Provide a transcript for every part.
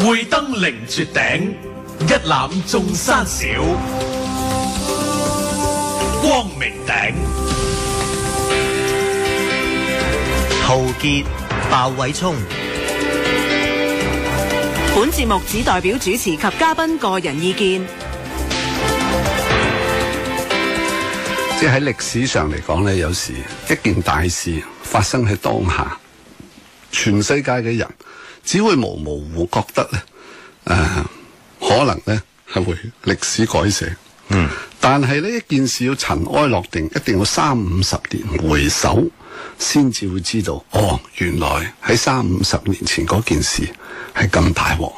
會登凌絕頂，一覽眾山小。光明頂，陶傑、鮑偉聰。本節目只代表主持及嘉賓個人意見。即喺歷史上嚟講呢，有時一件大事發生喺當下，全世界嘅人，只會模模糊覺得咧，誒、呃，可能咧係會歷史改寫，嗯，但係呢一件事要塵埃落定，一定要三五十年回首，先至會知道，哦，原來喺三五十年前嗰件事係咁大鑊，啊、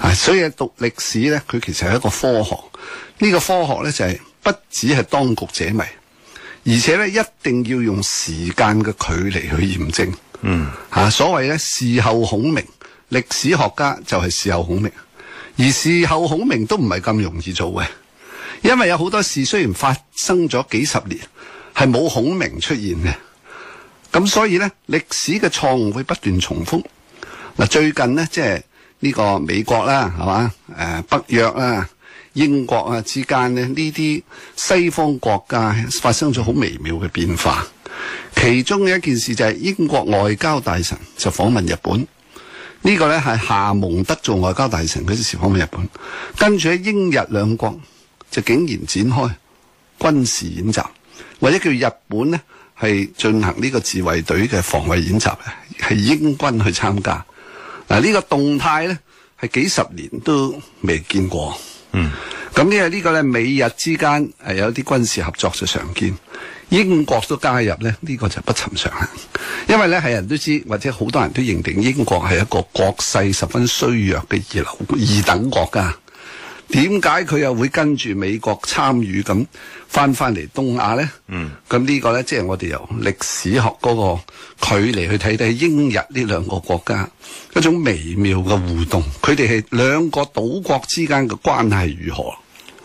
呃，所以讀歷史咧，佢其實係一個科學，呢、這個科學咧就係、是、不止係當局者迷，而且咧一定要用時間嘅距離去驗證。嗯吓，所謂咧，事後孔明，歷史學家就係事後孔明，而事後孔明都唔係咁容易做嘅，因為有好多事雖然發生咗幾十年，係冇孔明出現嘅，咁所以咧，歷史嘅錯誤會不斷重複。嗱，最近呢，即係呢個美國啦，係嘛，誒，北約啦、英國啊之間咧，呢啲西方國家發生咗好微妙嘅變化。其中嘅一件事就係英國外交大臣就訪問日本，呢個咧，係夏蒙德做外交大臣嗰陣時訪問日本，跟住喺英日兩國就竟然展開軍事演習，或者叫日本呢係進行呢個自衛隊嘅防衛演習咧，係英軍去參加。嗱，呢個動態咧，係幾十年都未見過，嗯。咁因為呢個咧美日之間誒有啲軍事合作就常見，英國都加入咧呢個就不尋常啦。因為咧係人都知或者好多人都認定英國係一個國勢十分衰弱嘅二流二等國家，點解佢又會跟住美國參與咁翻翻嚟東亞咧？嗯，咁呢個咧即係我哋由歷史學嗰個距離去睇睇英日呢兩個國家一種微妙嘅互動，佢哋係兩個島國之間嘅關係如何？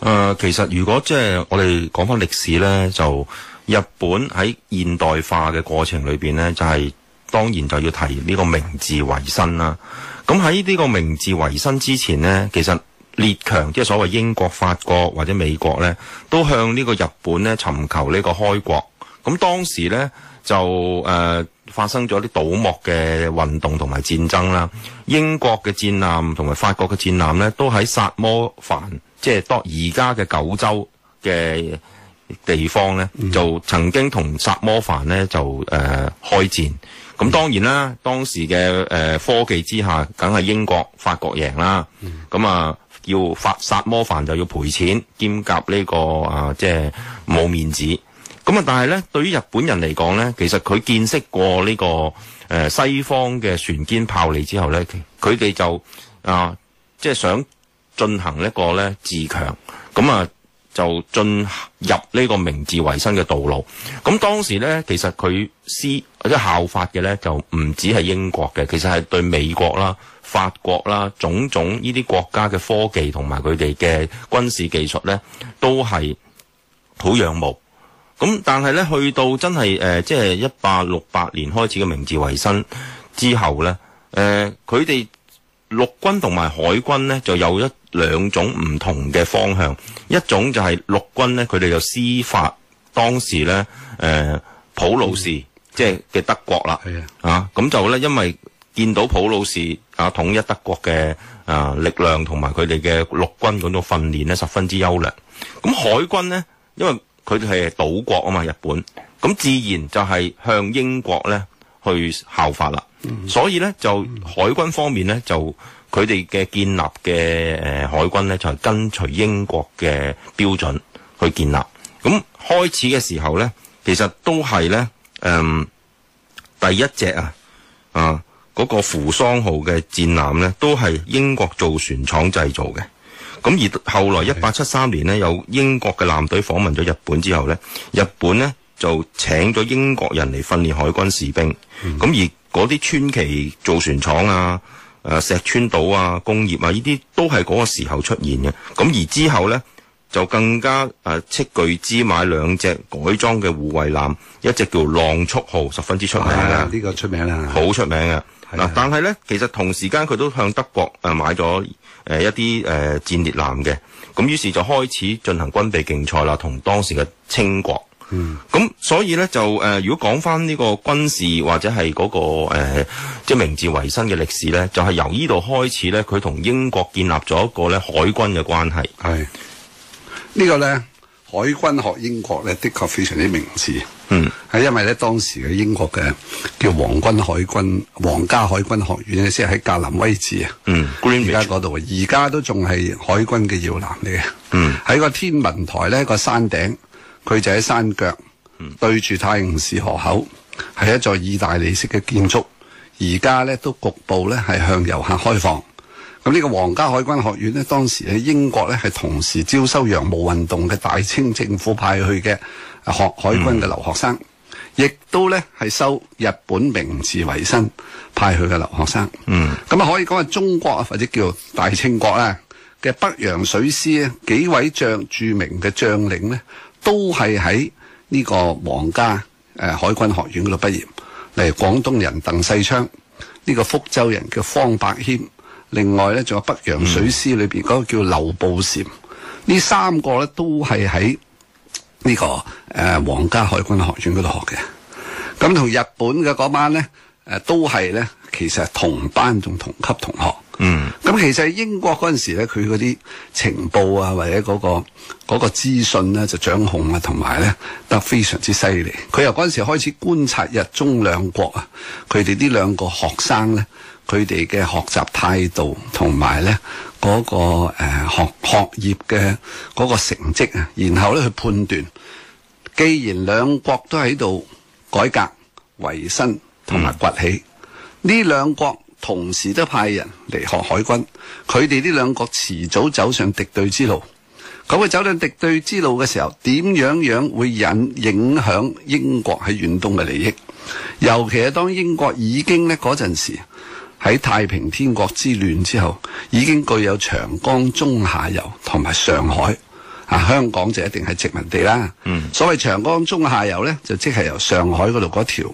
誒、呃，其實如果即係我哋講翻歷史呢，就日本喺現代化嘅過程裏邊呢，就係、是、當然就要提呢個明治維新啦。咁喺呢個明治維新之前呢，其實列強即係所謂英國、法國或者美國呢，都向呢個日本呢尋求呢個開國。咁當時呢，就誒、呃、發生咗啲倒幕嘅運動同埋戰爭啦。英國嘅戰艦同埋法國嘅戰艦呢，都喺薩摩藩。即係當而家嘅九州嘅地方咧，嗯、就曾經同薩摩藩呢就誒、呃、開戰。咁、嗯、當然啦，當時嘅誒、呃、科技之下，梗係英國、法國贏啦。咁、嗯、啊，要罰薩摩藩就要賠錢，兼夾呢、這個啊、呃，即係冇面子。咁啊，但係咧，對於日本人嚟講咧，其實佢見識過呢、這個誒、呃、西方嘅船堅炮利之後咧，佢哋就啊、呃，即係想。進行一個咧自強，咁啊就進入呢個明治維新嘅道路。咁當時咧，其實佢施，或者效法嘅咧，就唔止係英國嘅，其實係對美國啦、法國啦、種種呢啲國家嘅科技同埋佢哋嘅軍事技術咧，都係好仰慕。咁但係咧，去到真係誒，即係一八六八年開始嘅明治維新之後咧，誒、呃，佢哋。陸軍同埋海軍呢，就有一兩種唔同嘅方向。一種就係陸軍呢，佢哋就師法當時呢，誒、呃、普魯士，嗯、即係嘅德國啦。係啊啊，咁就呢，因為見到普魯士啊統一德國嘅啊力量同埋佢哋嘅陸軍嗰種訓練呢，十分之優良。咁海軍呢，因為佢哋係島國啊嘛，日本，咁自然就係向英國呢去效法啦。所以咧就海軍方面咧就佢哋嘅建立嘅，誒、呃、海軍咧就係、是、跟隨英國嘅標準去建立。咁、嗯、開始嘅時候咧，其實都係咧誒第一隻啊啊嗰、那個扶桑號嘅戰艦咧都係英國造船廠製造嘅。咁、嗯、而後來一八七三年呢，的有英國嘅艦隊訪問咗日本之後咧，日本呢就請咗英國人嚟訓練海軍士兵。咁、嗯嗯、而嗰啲川崎造船廠啊、誒、呃、石川島啊、工業啊，呢啲都係嗰個時候出現嘅。咁而之後呢，就更加誒斥巨資買兩隻改裝嘅護衛艦，一隻叫浪速號，十分之出名嘅、啊呢個出名，出名嘅啊，好出名嘅。嗱，但係呢，其實同時間佢都向德國誒買咗誒、呃、一啲誒、呃、戰列艦嘅。咁於是就開始進行軍備競賽啦，同當時嘅清國。嗯，咁所以咧就誒、呃，如果講翻呢個軍事或者係嗰、那個誒、呃，即係明治維新嘅歷史咧，就係、是、由呢度開始咧，佢同英國建立咗一個咧海軍嘅關係。係、這個、呢個咧海軍學英國咧的確非常之明智，嗯，係因為咧當時嘅英國嘅叫皇軍海軍皇家海軍學院咧，先喺格林威治啊。嗯，而家嗰度而家都仲係海軍嘅搖籃嚟嘅。嗯，喺個天文台咧個山頂。佢就喺山腳對住太晤士河口，係一座意大利式嘅建築。而家咧都局部咧係向遊客開放。咁呢個皇家海軍學院咧，當時喺英國咧係同時招收洋務運動嘅大清政府派去嘅學海軍嘅留學生，亦、嗯、都咧係收日本明治維新派去嘅留學生。嗯，咁啊可以講係中國啊，或者叫大清國啊嘅北洋水師啊，幾位將著名嘅將領咧。都係喺呢個皇家誒海軍學院嗰度畢業，例如廣東人鄧世昌，呢、這個福州人叫方伯謙，另外咧仲有北洋水師裏邊、嗯、個叫劉步蟾，呢三個咧都係喺呢個誒皇家海軍學院嗰度學嘅。咁同日本嘅嗰班咧，誒都係咧，其實係同班仲同級同學。嗯，咁其實英國嗰陣時咧，佢嗰啲情報啊，或者嗰、個嗰、個資訊咧、啊，就掌控啊，同埋咧得非常之犀利。佢由嗰陣時開始觀察日中兩國啊，佢哋呢兩個學生咧，佢哋嘅學習態度同埋咧嗰個誒、呃、學學業嘅嗰個成績啊，然後咧去判斷。既然兩國都喺度改革、維新同埋崛起，呢、嗯、兩國。同時都派人嚟學海軍，佢哋呢兩國遲早走上敵對之路。咁佢，走上敵對之路嘅時候，點樣樣會引影響英國喺遠東嘅利益？尤其係當英國已經呢嗰陣時，喺太平天國之亂之後，已經具有長江中下游同埋上海。啊！香港就一定係殖民地啦。嗯，所謂長江中下游咧，就即係由上海嗰度嗰條誒、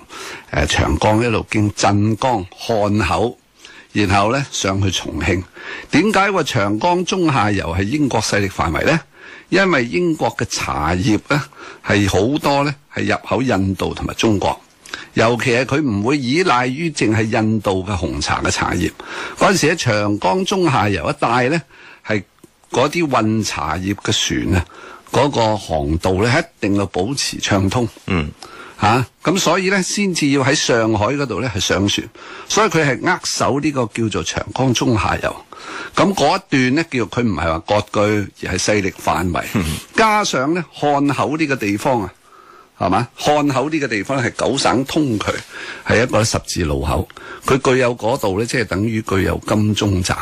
呃、長江一路經鎮江、漢口，然後咧上去重慶。點解話長江中下游係英國勢力範圍咧？因為英國嘅茶葉咧係好多咧，係入口印度同埋中國。尤其係佢唔會依賴於淨係印度嘅紅茶嘅茶葉。嗰陣時喺長江中下游一帶咧係。嗰啲運茶葉嘅船啊，嗰、嗰個航道咧一定要保持暢通。嗯，嚇、啊，咁所以咧，先至要喺上海嗰度咧係上船，所以佢係扼守呢個叫做長江中下游。咁嗰一段咧叫佢唔係話割據，而係勢力範圍。嗯、加上咧漢口呢個地方啊，係嘛？漢口呢個地方係九省通衢，係一個十字路口。佢具有嗰度咧，即係等於具有金鐘站。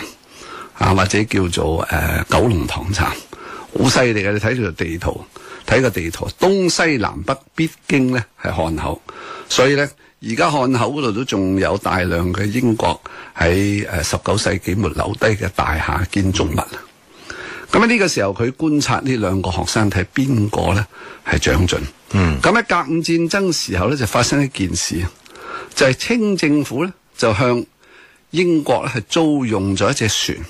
啊，或者叫做誒、呃、九龍塘站，好犀利嘅。你睇個地圖，睇個地圖，東西南北必經咧係漢口，所以咧而家漢口嗰度都仲有大量嘅英國喺誒十九世紀末留低嘅大廈建築物。咁喺呢個時候，佢觀察呢兩個學生睇邊個咧係長進。嗯，咁喺甲午戰爭時候咧，就發生一件事，就係、是、清政府咧就向英國咧係租用咗一隻船。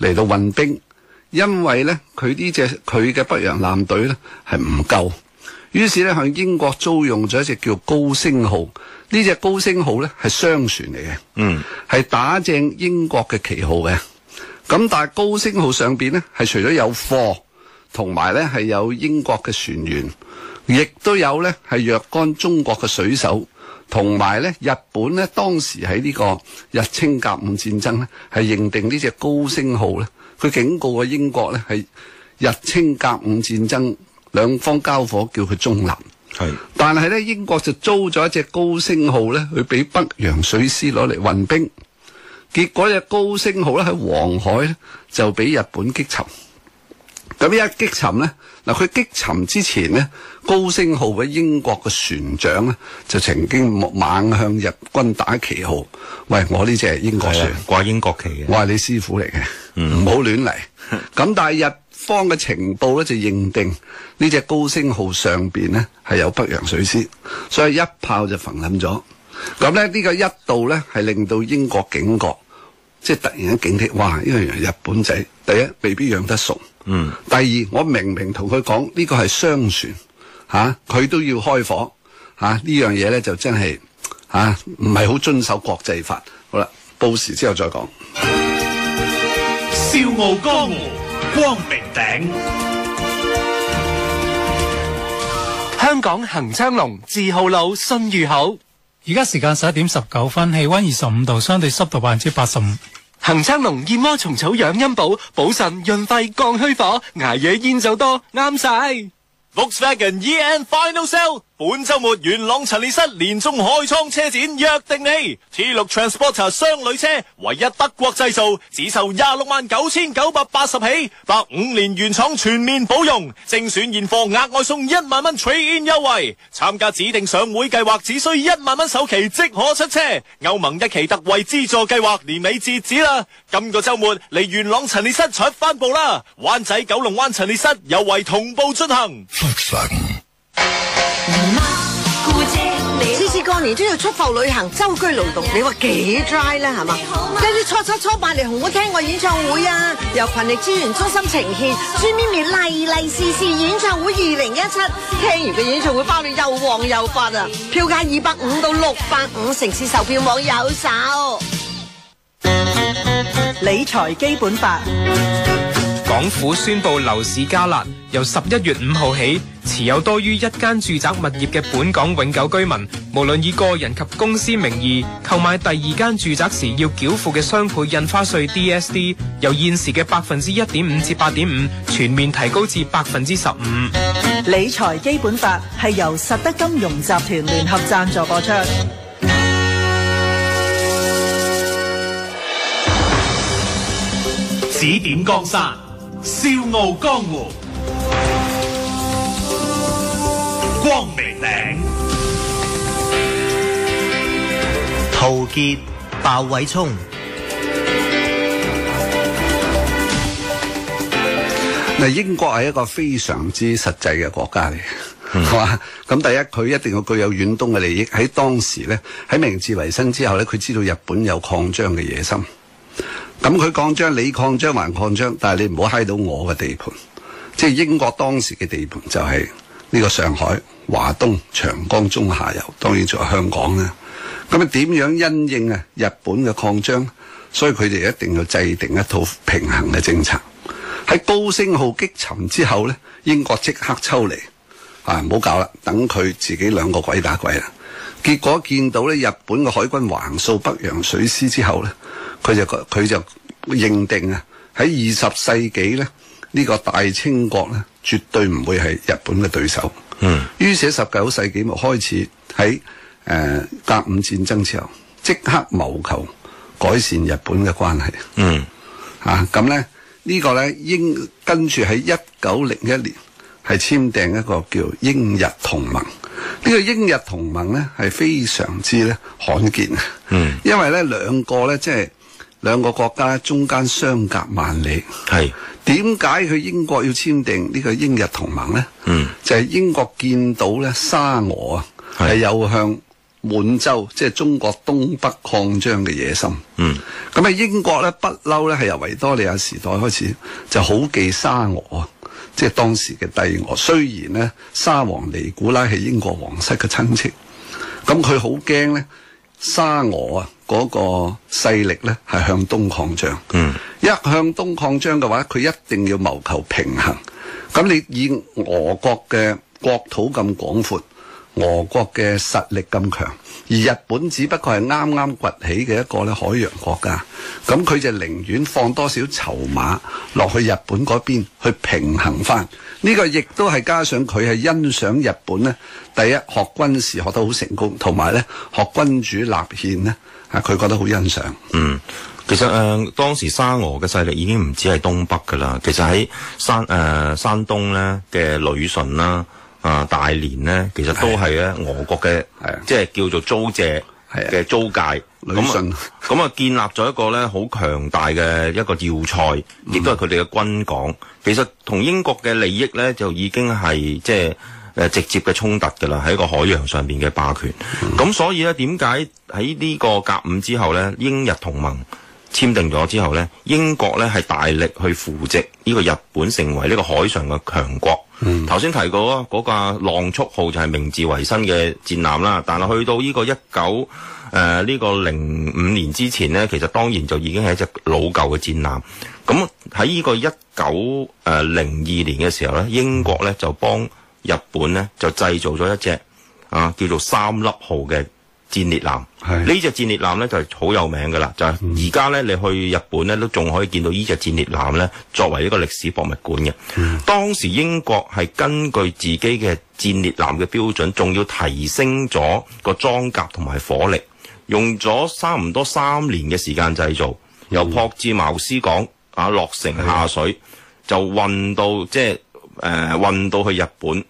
嚟到，運兵，因為咧佢呢隻，佢嘅北洋艦隊咧係唔夠，於是咧向英國租用咗一隻叫高升號。呢隻高升號咧係雙船嚟嘅，嗯，係打正英國嘅旗號嘅。咁但係高升號上邊呢，係除咗有貨，同埋咧係有英國嘅船員，亦都有咧係若干中國嘅水手。同埋咧，日本咧當時喺呢個日清甲午戰爭咧，係認定呢隻高升號咧，佢警告過英國咧係日清甲午戰爭兩方交火，叫佢中立。係是，但係咧英國就租咗一隻高升號咧，去俾北洋水師攞嚟運兵，結果隻高升號咧喺黃海呢就俾日本擊沉。咁一擊沉咧嗱，佢擊沉之前呢，高升號嘅英國嘅船長咧就曾經猛向日軍打旗號，喂，我呢隻係英國船，掛英國旗嘅，我係你師傅嚟嘅，唔好亂嚟。咁但係日方嘅情報咧就認定呢隻高升號上邊呢係有北洋水師，所以一炮就焚冧咗。咁咧呢個一度咧係令到英國警覺，即係突然間警惕，哇！因為日本仔第一未必養得熟。嗯，第二，我明明同佢講呢個係商船，吓、啊、佢都要開火，吓，呢樣嘢呢，就真係吓唔係好遵守國際法。好啦，報時之後再講。笑傲江湖，光明頂，香港恆昌隆，字號老，信譽好。而家時間十一點十九分，氣溫二十五度，相對濕度百分之八十五。恆生龍燕窩蟲草養陰寶，補腎潤肺降虛火，挨夜煙就多，啱晒。Volkswagen E N Final Sale。本周末元朗陳列室年終開倉車展，約定你 T 六 Transporter 雙旅車，唯一德國製造，只售廿六萬九千九百八十起，包五年原廠全面保用，精選現貨，額外送一萬蚊取現優惠。參加指定上會計劃，只需一萬蚊首期即可出車。歐盟一期特惠資助計劃年尾截止啦，今個周末嚟元朗陳列室搶翻部啦，灣仔九龍灣陳列室有為同步進行。次次過年都要出埠旅行，周居勞動，你話幾 dry 呢？係嘛？跟住初七初八嚟紅館聽個演唱會啊！由群力資源中心呈現朱咪咪利利是是演唱會二零一七，2017，聽完嘅演唱會包你又旺又發啊！票價二百五到六百五，城市售票網有售。理財基本法，港府宣布樓市加辣，由十一月五號起。持有多於一間住宅物業嘅本港永久居民，無論以個人及公司名義購買第二間住宅時，要繳付嘅雙倍印花稅 DSD，由現時嘅百分之一點五至八點五，全面提高至百分之十五。理財基本法係由實德金融集團聯合贊助播出。指點江山，笑傲江湖。光明頂，陶傑、鮑偉聰。嗱，英國係一個非常之實際嘅國家嚟，係嘛、mm？咁、hmm. 第一，佢一定要具有遠東嘅利益。喺當時咧，喺明治維新之後咧，佢知道日本有擴張嘅野心。咁佢擴張、你擴張、還擴張，但係你唔好嗨到我嘅地盤，即係英國當時嘅地盤就係、是。呢個上海、華東、長江中下游，當然仲有香港咧。咁啊，點樣因應啊日本嘅擴張？所以佢哋一定要制定一套平衡嘅政策。喺高升號擊沉之後咧，英國即刻抽離啊，唔好搞啦，等佢自己兩個鬼打鬼啦。結果見到咧日本嘅海軍橫掃北洋水師之後咧，佢就佢就認定啊，喺二十世紀咧呢，呢個大清國咧，絕對唔會係日本嘅對手。嗯，於是十九世紀末開始喺誒甲午戰爭之後，即刻謀求改善日本嘅關係。嗯，啊咁咧呢個咧英跟住喺一九零一年係簽訂一個叫英日同盟。呢個英日同盟咧係非常之咧罕見啊。嗯，因為咧兩個咧即係兩個國家中間相隔萬里。係。點解佢英國要簽訂呢個英日同盟呢？嗯，就係英國見到咧沙俄啊，係有向滿洲的即係中國東北擴張嘅野心。嗯，咁喺英國咧不嬲咧係由維多利亞時代開始就好忌沙俄啊，即係當時嘅帝俄。雖然咧沙皇尼古拉係英國皇室嘅親戚，咁佢好驚咧沙俄啊。嗰個勢力呢係向東擴張，嗯、一向東擴張嘅話，佢一定要謀求平衡。咁你以俄國嘅國土咁廣闊，俄國嘅實力咁強，而日本只不過係啱啱崛起嘅一個咧海洋國家，咁佢就寧願放多少籌碼落去日本嗰邊去平衡返。呢個亦都係加上佢係欣賞日本呢第一學軍事學得好成功，同埋呢學君主立憲呢。啊！佢覺得好欣賞，嗯，其實誒、呃、當時沙俄嘅勢力已經唔止係東北噶啦，其實喺山誒、呃、山東咧嘅旅順啦，啊、呃、大連咧，其實都係咧俄國嘅，係啊，即係叫做租借嘅租界，旅順，咁啊咁啊建立咗一個咧好強大嘅一個要塞，亦都係佢哋嘅軍港。其實同英國嘅利益咧就已經係即係。誒直接嘅衝突嘅啦，喺一個海洋上邊嘅霸權。咁、嗯、所以呢，點解喺呢個甲午之後呢？英日同盟簽訂咗之後呢，英國呢係大力去扶植呢個日本成為呢個海上嘅強國。頭先、嗯、提過啊，嗰個浪速號就係明治維新嘅戰艦啦。但係去到呢個一九誒呢個零五年之前呢，其實當然就已經係一隻老舊嘅戰艦。咁喺呢個一九誒零二年嘅時候呢，英國呢就幫日本呢就製造咗一隻啊，叫做三粒號嘅戰列艦。呢隻的戰列艦呢就係、是、好有名嘅啦，就係而家呢，嗯、你去日本呢都仲可以見到呢隻戰列艦呢作為一個歷史博物館嘅。嗯、當時英國係根據自己嘅戰列艦嘅標準，仲要提升咗個裝甲同埋火力，用咗差唔多三年嘅時間製造，嗯、由朴志茅斯港啊落成下水，的就運到即係誒、呃、運到去日本。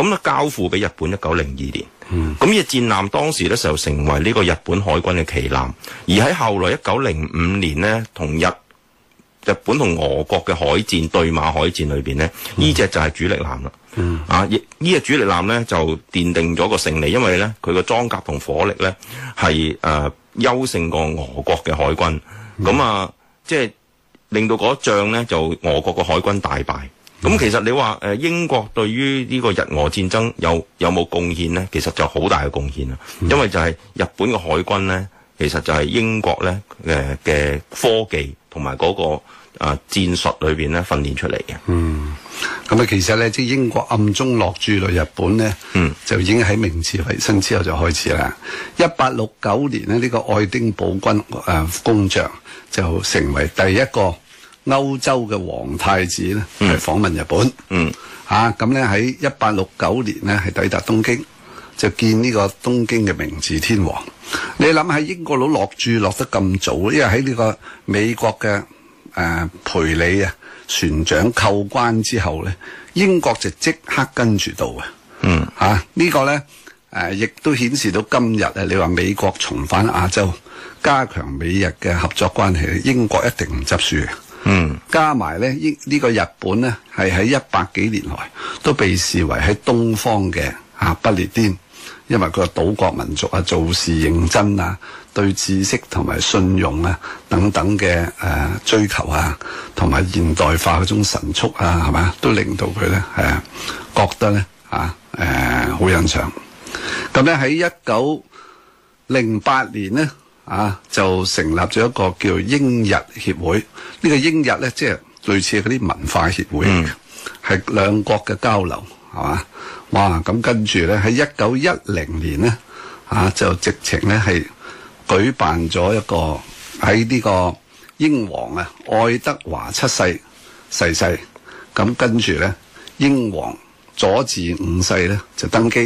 咁啊，交付俾日本一九零二年。咁呢隻戰艦當時咧就成為呢個日本海軍嘅旗艦，而喺後來一九零五年咧同日日本同俄國嘅海戰對馬海戰裏邊咧，呢隻就係主力艦啦。啊，亦呢隻主力艦咧就奠定咗個勝利，因為咧佢個裝甲同火力咧係誒優勝過俄國嘅海軍。咁啊，即係令到嗰仗咧就俄國嘅海軍大敗。咁、嗯、其實你話誒英國對於呢個日俄戰爭有有冇貢獻呢？其實就好大嘅貢獻啦，嗯、因為就係日本嘅海軍呢，其實就係英國咧誒嘅科技同埋嗰個啊、呃、戰術裏邊咧訓練出嚟嘅。嗯，咁啊，其實咧即係英國暗中落注到日本呢，嗯，就已經喺明治維新之後就開始啦。一八六九年呢，呢、呢個愛丁堡軍誒公爵就成為第一個歐洲嘅皇太子咧，係、嗯、訪問日本，嚇咁咧喺一八六九年咧係抵達東京，就見呢個東京嘅明治天皇。你諗喺英國佬落注落得咁早，因為喺呢個美國嘅誒、呃、培里啊船長扣關之後咧，英國就即刻跟住到嘅，嚇、嗯啊這個、呢個咧誒，亦、呃、都顯示到今日咧，你話美國重返亞洲，加強美日嘅合作關係，英國一定唔執輸嘅。嗯，加埋咧，呢個日本咧，係喺一百幾年來都被視為喺東方嘅啊不列顛，因為佢個島國民族啊，做事認真啊，對知識同埋信用啊等等嘅誒追求啊，同埋現代化嗰種神速啊，係嘛，都令到佢咧誒覺得咧啊誒好欣賞。咁咧喺一九零八年咧。啊，就成立咗一個叫英日協會。呢、這個英日咧，即係類似嗰啲文化協會，係兩、嗯、國嘅交流，係嘛？哇！咁跟住咧，喺一九一零年咧，啊就直情咧係舉辦咗一個喺呢個英皇啊愛德華七世逝世、世，咁跟住咧英皇佐治五世咧就登基。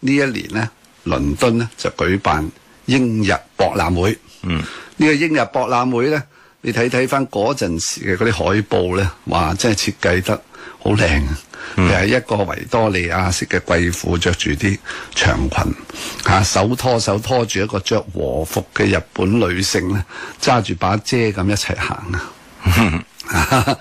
呢一年咧，倫敦咧就舉辦。英日博覽會，呢、嗯、個英日博覽會咧，你睇睇翻嗰陣時嘅嗰啲海報咧，哇，真係設計得好靚啊！係、嗯、一個維多利亞式嘅貴婦，着住啲長裙，吓、啊、手拖手拖住一個着和服嘅日本女性咧，揸住把遮咁一齊行啊！咁、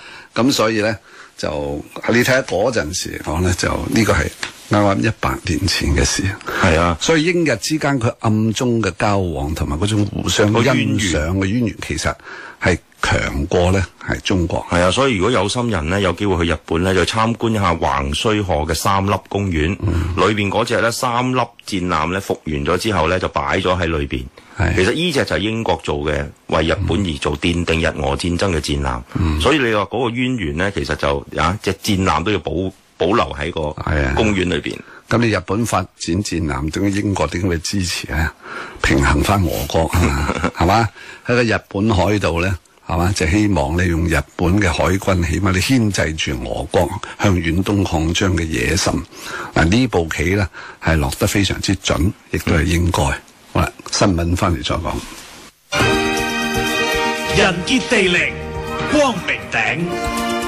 嗯、 所以咧就你睇下嗰陣時嚟講咧，就看看呢就、呢個係。啱啱一百年前嘅事，係啊呀，所以英日之間佢暗中嘅交往同埋嗰種互相嘅欣賞嘅淵源，其實係強過咧係中國。係啊，所以如果有心人咧，有機會去日本咧，就參觀一下橫須賀嘅三笠公園，嗯、裏邊嗰隻咧三笠戰艦咧復原咗之後咧，就擺咗喺裏邊。的其實呢隻就英國做嘅，為日本而做，奠定日俄戰爭嘅戰艦。嗯、所以你話嗰個淵源咧，其實就啊，隻戰艦都要保。保留喺個公園裏邊。咁、啊、你日本發展戰艦，等英國點咁嘅支持咧、啊，平衡翻俄國，係嘛？ 喺個日本海度咧，係嘛？就希望你用日本嘅海軍，起碼你牽制住俄國向遠東擴張嘅野心。嗱、啊，呢部棋咧係落得非常之準，亦都係應該。嗯、好啦，新聞翻嚟再講。人傑地靈，光明頂。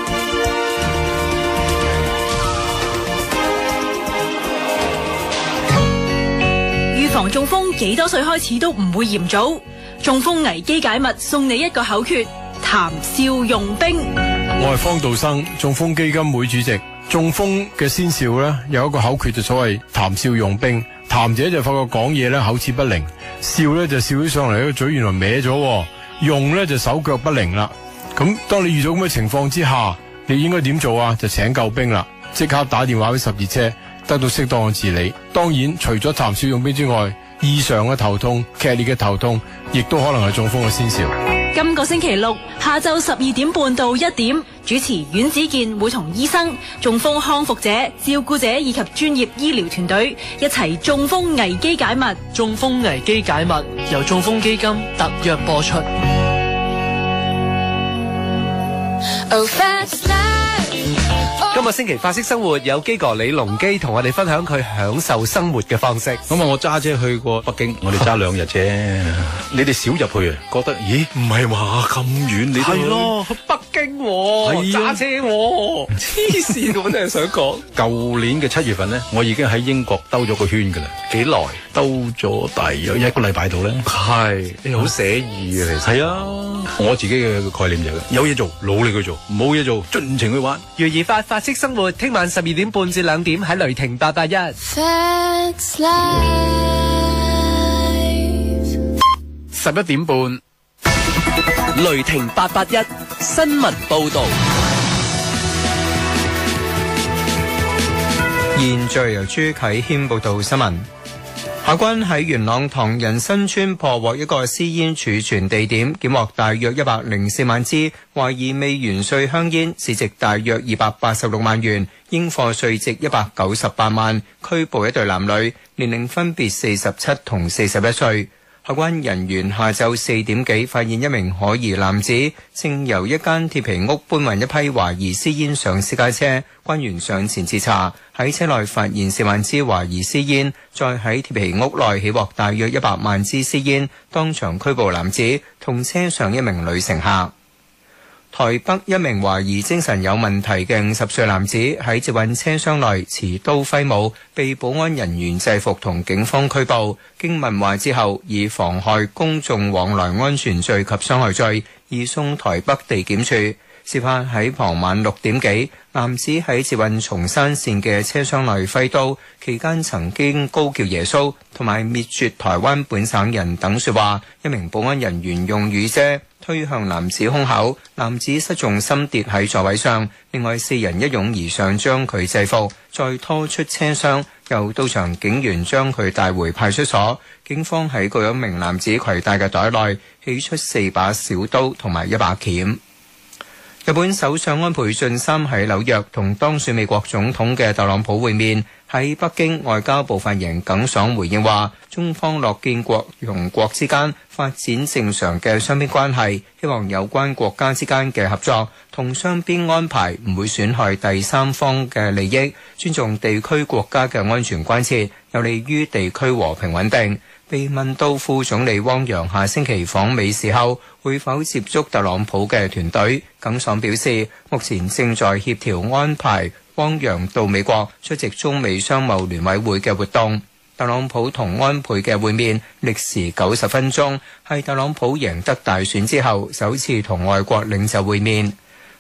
防中風幾多歲開始都唔會嫌早，中風危機解密送你一個口訣：談笑用兵。我係方道生，中風基金會主席。中風嘅先兆呢，有一個口訣就所謂談笑用兵。談者就發覺講嘢呢，口齒不靈，笑呢就笑起上嚟個嘴原來歪咗，用呢就手腳不靈啦。咁當你遇到咁嘅情況之下，你應該點做啊？就請救兵啦，即刻打電話俾十二車。得到適當嘅治理。當然除咗談笑用兵之外，異常嘅頭痛、劇烈嘅頭痛，亦都可能係中風嘅先兆。今個星期六下晝十二點半到一點，主持阮子健會同醫生、中風康復者、照顧者以及專業醫療團隊一齊中風危機解密。中風危機解密由中風基金特約播出。Oh, 今個星期法式生活有基哥李隆基同我哋分享佢享受生活嘅方式。咁啊，我揸車去過北京， 我哋揸兩日啫。 你哋少入去啊？覺得咦？唔係話咁遠？你係咯、啊，北京、啊，揸、啊、車、啊，黐線！我真係想講說。舊年嘅七月份咧，我已經喺英國兜咗個圈噶啦。幾耐 久？兜咗大約一個禮拜度咧。係， 你好寫意啊！其實係 是啊， 我自己嘅概念就係、是，有嘢做努力去做，冇嘢做盡情去玩。粵語化法式。生活，聽晚十二點半至兩點喺雷霆八八一。十一 Life 點半， 雷霆八八一新聞報道。現在由朱啟謙報道新聞。海關喺元朗唐人新村破獲一個私煙儲存地點，檢獲大約一百零四萬支，懷疑未完稅香煙，市值大約二百八十六萬元，應課稅值一百九十八萬，拘捕一對男女，年齡分別四十七同四十一歲。海關人員下晝四點幾發現一名可疑男子正由一間鐵皮屋搬運一批懷疑私煙上私家車，關員上前截查，喺車內發現四萬支懷疑私煙，再喺鐵皮屋內起獲大約一百萬支私煙，當場拘捕男子同車上一名女乘客。台北一名懷疑精神有問題嘅五十歲男子喺捷運車廂內持刀揮舞，被保安人員制服同警方拘捕。經問話之後，以妨害公眾往來安全罪及傷害罪，移送台北地檢署。事發喺傍晚六點幾，男子喺捷運松山線嘅車廂內揮刀，期間曾經高叫耶穌同埋滅絕台灣本省人等説話。一名保安人員用雨遮。推向男子胸口，男子失重心跌喺座位上。另外四人一擁而上，將佢制服，再拖出車廂。又到場警員將佢帶回派出所。警方喺嗰名男子攜帶嘅袋內，起出四把小刀同埋一把鉗。日本首相安倍晉三喺紐約同當選美國總統嘅特朗普會面。喺北京，外交部發言耿爽回應話，中方樂見國與國之間發展正常嘅雙邊關係，希望有關國家之間嘅合作同雙邊安排唔會損害第三方嘅利益，尊重地區國家嘅安全關切，有利於地區和平穩定。被問到副總理汪洋下星期訪美時候會否接觸特朗普嘅團隊，耿爽表示，目前正在協調安排。汪洋到美國出席中美商貿聯委會嘅活動，特朗普同安倍嘅會面歷時九十分鐘，係特朗普贏得大選之後首次同外國領袖會面。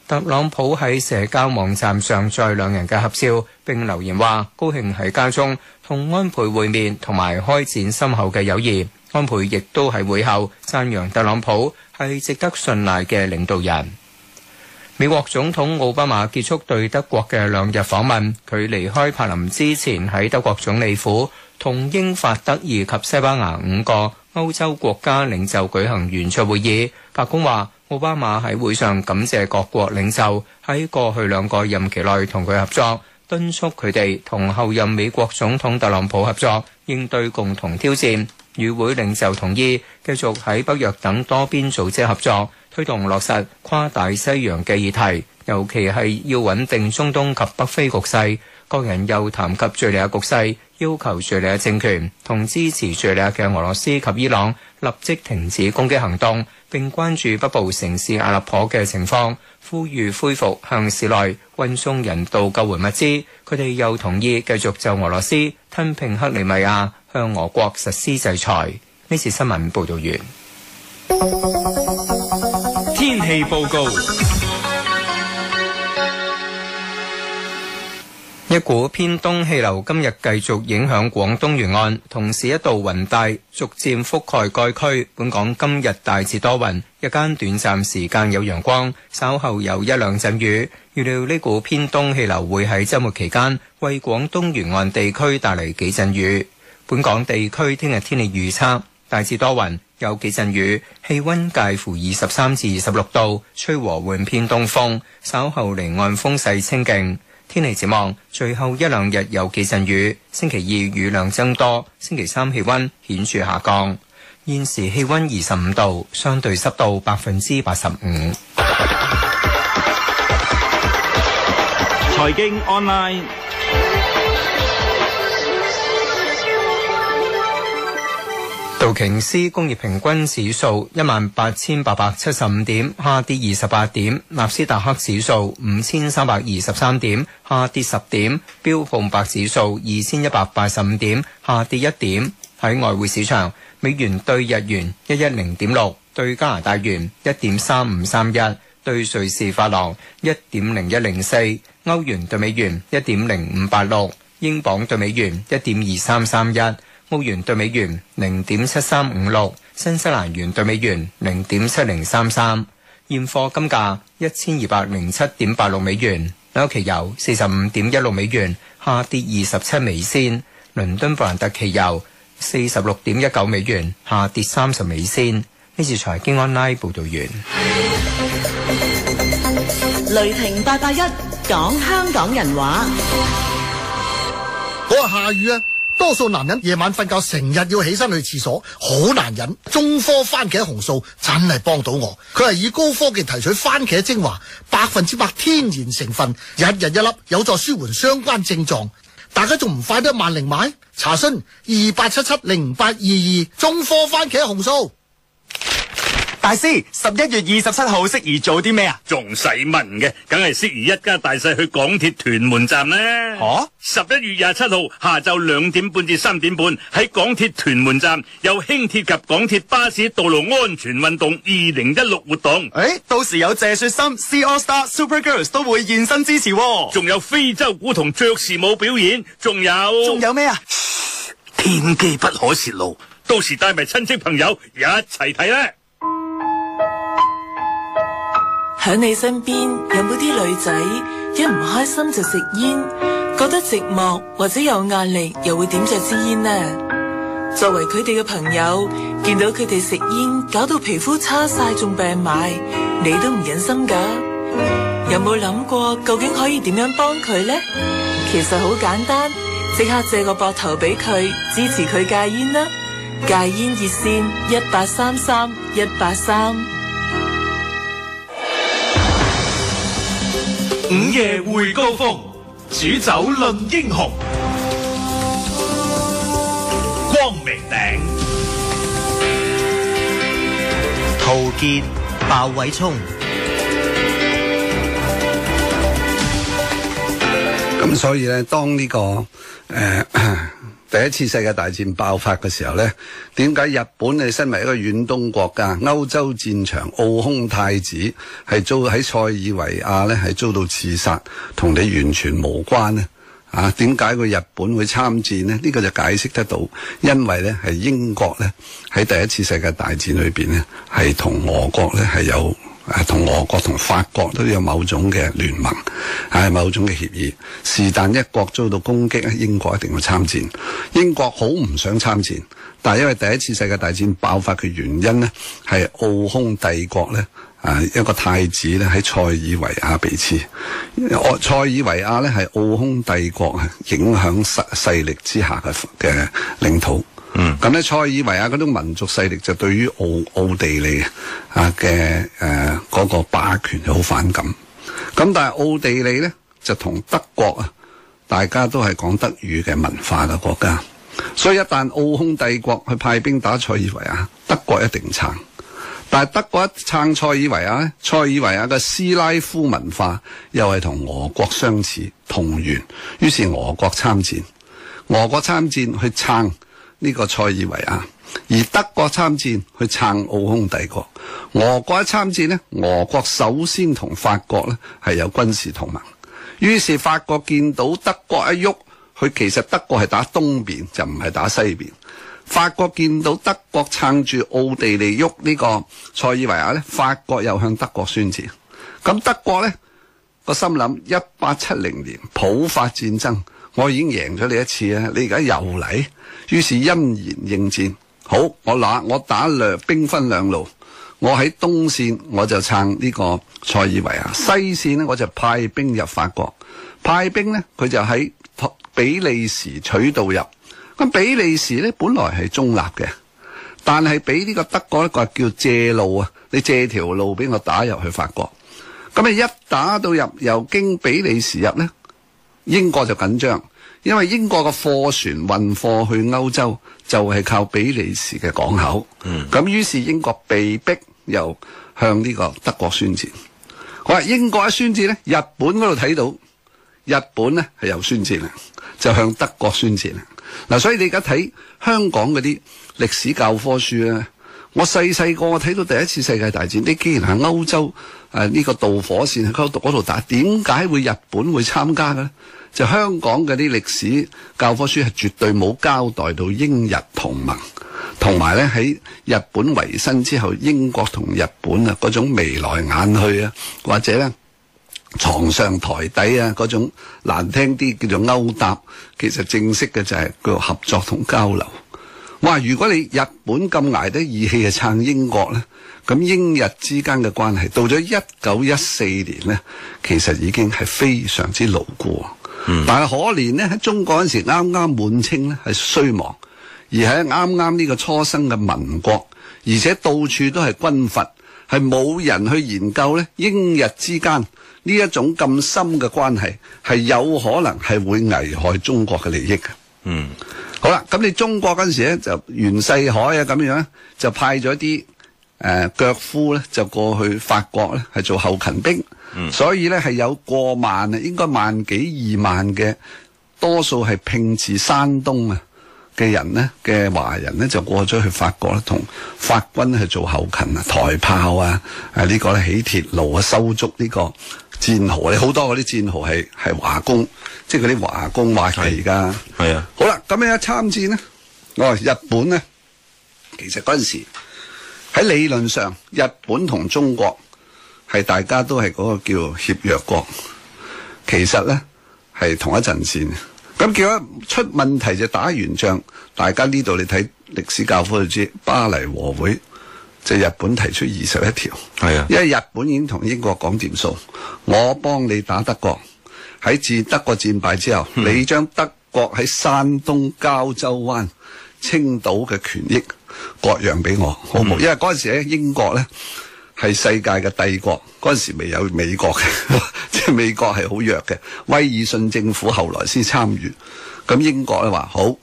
特朗普喺社交網站上載兩人嘅合照，並留言話：高興喺家中同安倍會面，同埋開展深厚嘅友誼。安倍亦都喺會後讚揚特朗普係值得信賴嘅領導人。美國總統奧巴馬結束對德國嘅兩日訪問，佢離開柏林之前喺德國總理府同英法德以及西班牙五個歐洲國家領袖舉行圓桌會議。白宮話，奧巴馬喺會上感謝各國領袖喺過去兩個任期內同佢合作，敦促佢哋同後任美國總統特朗普合作應對共同挑戰。與會領袖同意繼續喺北約等多邊組織合作。推動落實跨大西洋嘅議題，尤其係要穩定中東及北非局勢。各人又談及敘利亞局勢，要求敘利亞政權同支持敘利亞嘅俄羅斯及伊朗立即停止攻擊行動，並關注北部城市阿勒頗嘅情況，呼籲恢復向市內運送人道救援物資。佢哋又同意繼續就俄羅斯吞併克里米亞向俄國實施制裁。呢次新聞報道完。天氣報告：一股偏東氣流今日繼續影響廣東沿岸，同時一道雲帶逐漸覆蓋該區。本港今日大致多雲，日間短暫時間有陽光，稍後有一兩陣雨。預料呢股偏東氣流會喺周末期間為廣東沿岸地區帶嚟幾陣雨。本港地區聽日天氣預測大致多雲。有幾陣雨，氣溫介乎二十三至二十六度，吹和緩偏東風。稍後離岸風勢清勁。天氣展望，最後一兩日有幾陣雨，星期二雨量增多，星期三氣溫顯著下降。現時氣溫二十五度，相對濕度百分之八十五。財經 online。道瓊斯工業平均指數一萬八千八百七十五點，下跌二十八點；納斯達克指數五千三百二十三點，下跌十點；標普百指數二千一百八十五點，下跌一點。喺外匯市場，美元對日元一一零點六，對加拿大元一點三五三一，對瑞士法郎一點零一零四，歐元對美元一點零五八六，英鎊對美元一點二三三一。澳元兌美元零點七三五六，新西蘭元兌美元零點七零三三，現貨金價一千二百零七點八六美元，紐約期油四十五點一六美元，下跌二十七美仙，倫敦布蘭特期油四十六點一九美元，下跌三十美仙。呢次財經安拉報道員，雷霆八八一講香港人話，我話下雨啊。多數男人夜晚瞓覺，成日要起身去廁所，好難忍。中科番茄紅素真係幫到我，佢係以高科技提取番茄精華，百分之百天然成分，一日一粒有助舒緩相關症狀。大家仲唔快啲一萬寧買？查詢二八七七零八二二中科番茄紅素。大師，十一月二十七號適宜做啲咩啊？仲使問嘅，梗係適宜一家大細去港鐵屯門站啦。哦、啊，十一月廿七號下晝兩點半至三點半喺港鐵屯門站有輕鐵及港鐵巴士道路安全運動二零一六活動。誒、欸，到時有謝雪心、C All Star、Super Girls 都會現身支持、啊，仲有非洲鼓同爵士舞表演，仲有仲有咩啊？天機不可泄露，到時帶埋親戚朋友一齊睇啦。喺你身邊有冇啲女仔一唔開心就食煙，覺得寂寞或者有壓力又會點着支煙呢、啊？作為佢哋嘅朋友，見到佢哋食煙搞到皮膚差晒、仲病埋，你都唔忍心噶。有冇諗過究竟可以點樣幫佢呢？其實好簡單，即刻借個膊頭俾佢支持佢戒煙啦！戒煙熱線一八三三一八三。午夜會高峰，煮酒論英雄，光明頂，陶傑、鮑偉聰，咁所以咧，當呢、這個誒。呃第一次世界大戰爆發嘅時候呢，點解日本你身為一個遠東國家，歐洲戰場奧匈太子係遭喺塞爾維亞呢，係遭到刺殺同你完全無關呢啊，點解個日本會參戰呢？呢個就解釋得到。因為呢，係英國呢，喺第一次世界大戰裏邊，呢係同俄國呢，係有。同俄國同法國都有某種嘅聯盟，係某種嘅協議。是但一國遭到攻擊咧，英國一定要參戰。英國好唔想參戰，但係因為第一次世界大戰爆發嘅原因呢，係奧匈帝國呢，誒一個太子咧喺塞爾維亞被刺。塞爾維亞呢，係奧匈帝國影響勢勢力之下嘅嘅領土。嗯，咁咧，塞爾維亞嗰種民族勢力就對於奧奧地利啊嘅誒嗰個霸權就好反感。咁但係奧地利咧就同德國啊，大家都係講德語嘅文化嘅國家，所以一旦奧匈帝國去派兵打塞爾維亞，德國一定撐。但係德國一撐塞爾維亞咧，塞爾維亞嘅斯拉夫文化又係同俄國相似同源，於是俄國參戰，俄國參戰去撐。呢個塞爾維亞，而德國參戰去撐奧匈帝國。俄國一參戰呢，俄國首先同法國呢係有軍事同盟，於是法國見到德國一喐，佢其實德國係打東邊就唔係打西邊，法國見到德國撐住奧地利喐呢、呢個塞爾維亞呢，法國又向德國宣戰，咁德國呢，個心諗：一八七零年普法戰爭，我已經贏咗你一次啊，你而家又嚟？於是欣然應戰。好，我打我打略，兵分兩路。我喺東線我就撐呢個塞爾維亞，西線咧我就派兵入法國。派兵呢，佢就喺比利時取道入。咁比利時呢，本來係中立嘅，但係俾呢個德國一個叫借路啊，你借條路俾我打入去法國。咁啊一打到入又經比利時入呢，英國就緊張。因為英國嘅貨船運貨去歐洲就係、是、靠比利時嘅港口，咁於、嗯、是英國被逼又向呢個德國宣戰。好啊英國一宣戰咧，日本嗰度睇到，日本咧係有宣戰啦，就向德國宣戰啦。嗱、啊，所以你而家睇香港嗰啲歷史教科書咧，我細細個我睇到第一次世界大戰，你既然喺歐洲誒呢、啊這個導火線喺勾動嗰度打，點解會日本會參加嘅咧？就香港嗰啲歷史教科書係絕對冇交代到英日同盟，同埋咧喺日本維新之後，英國同日本啊嗰種眉來眼去啊，或者咧牀上台底啊嗰種難聽啲叫做勾搭，其實正式嘅就係叫合作同交流。哇！如果你日本咁捱得義氣啊撐英國咧，咁英日之間嘅關係到咗一九一四年咧，其實已經係非常之牢固。嗯、但係可憐呢，喺中國嗰陣時，啱啱滿清呢係衰亡，而喺啱啱呢個初生嘅民國，而且到處都係軍閥，係冇人去研究呢英日之間呢一種咁深嘅關係，係有可能係會危害中國嘅利益嘅。嗯，好啦，咁你中國嗰陣時咧就袁世凱啊咁樣，就派咗啲誒腳夫咧就過去法國咧係做後勤兵。嗯、所以咧係有過萬啊，應該萬幾二萬嘅，多數係拼自山東啊嘅人呢嘅華人呢，就過咗去法國咧，同法軍去做後勤啊、抬炮啊，誒、啊這個、呢個咧起鐵路啊、修築呢個戰壕啊，好多嗰啲戰壕係係華工，即係嗰啲華工挖嚟噶。係啊，好啦，咁樣一參戰咧，哦，日本呢，其實嗰陣時喺理論上，日本同中國。係大家都係嗰個叫協約國，其實呢係同一陣線。咁結果出問題就打完仗，大家呢度你睇歷史教科就知巴黎和會，即係日本提出二十一條，係啊，因為日本已經同英國講掂數，我幫你打德國，喺至德國戰敗之後，嗯、你將德國喺山東膠州灣、青島嘅權益割讓俾我，好冇？嗯、因為嗰陣時英國呢。係世界嘅帝國，嗰陣時未有美國嘅， 即係美國係好弱嘅。威爾遜政府後來先參與，咁英國咧話好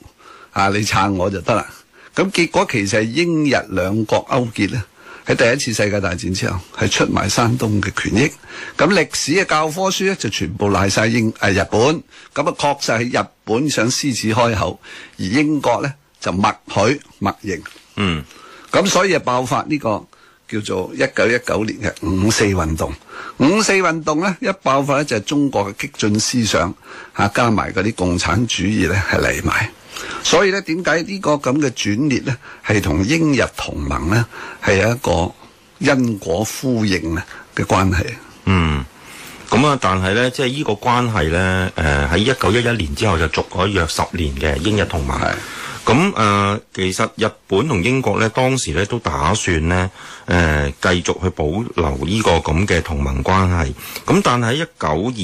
啊，你撐我就得啦。咁結果其實係英日兩國勾結咧，喺第一次世界大戰之後係出賣山東嘅權益。咁歷史嘅教科書咧就全部賴晒英誒、啊、日本。咁啊，確實係日本想獅子開口，而英國咧就默許默認。嗯，咁所以就爆發呢、這個。叫做一九一九年嘅五四運動，五四運動咧一爆發咧就係中國嘅激進思想啊，加埋嗰啲共產主義咧係嚟埋，所以咧點解呢個咁嘅轉捩咧係同英日同盟咧係有一個因果呼應嘅關係？嗯，咁啊，但係咧即係呢個關係咧，誒喺一九一一年之後就續咗約十年嘅英日同盟。咁誒、呃，其實日本同英國咧，當時咧都打算咧，誒、呃、繼續去保留呢個咁嘅同盟關係。咁但係喺一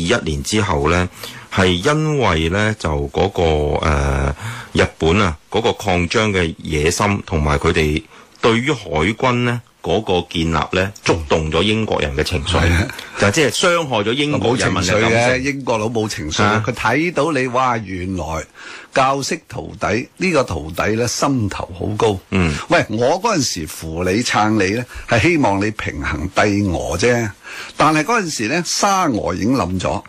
九二一年之後咧，係因為咧就嗰、那個、呃、日本啊嗰、那個擴張嘅野心，同埋佢哋對於海軍咧嗰、那個建立咧觸動咗英國人嘅情緒，啊、就即係傷害咗英國人嘅情緒民。英國佬冇情緒，佢睇、啊、到你，哇，原來～教識徒弟，呢個徒弟咧心頭好高。嗯，喂，我嗰陣時扶你撐你咧，係希望你平衡帝俄啫。但係嗰陣時咧沙俄已經冧咗，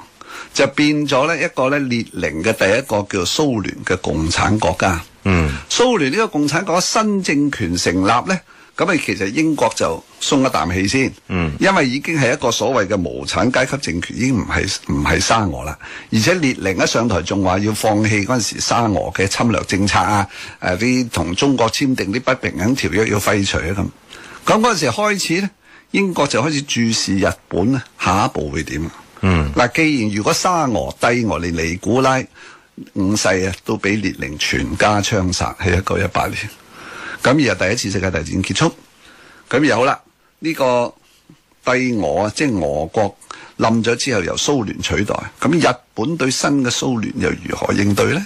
就變咗咧一個咧列寧嘅第一個叫蘇聯嘅共產國家。嗯，蘇聯呢個共產國新政權成立咧。咁啊，其實英國就鬆一啖氣先，嗯、因為已經係一個所謂嘅無產階級政權，已經唔係唔係沙俄啦。而且列寧一、啊、上台仲話要放棄嗰陣時沙俄嘅侵略政策啊，誒啲同中國簽訂啲不平等條約要廢除啊咁。咁嗰陣時開始咧，英國就開始注視日本咧，下一步會點？嗯，嗱，既然如果沙俄低俄、哋尼古拉五世啊，都俾列寧全家槍殺喺一九一八年。咁又第一次世界大戰結束，咁又好啦。呢個帝俄啊，即係俄國冧咗之後，由蘇聯取代。咁日本對新嘅蘇聯又如何應對咧？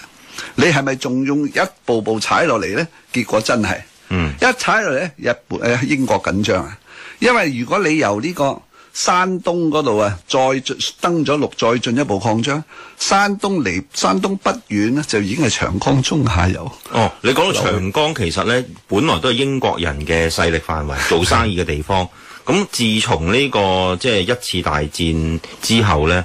你係咪仲用一步步踩落嚟咧？結果真係，嗯，一踩落嚟咧，日本誒英國緊張啊，因為如果你由呢個。山東嗰度啊，再登咗陸，再進一步擴張。山東離山東不遠呢，就已經係長江中下游。哦，你講到長江，其實呢，本來都係英國人嘅勢力範圍，做生意嘅地方。咁 自從呢個即係一次大戰之後呢。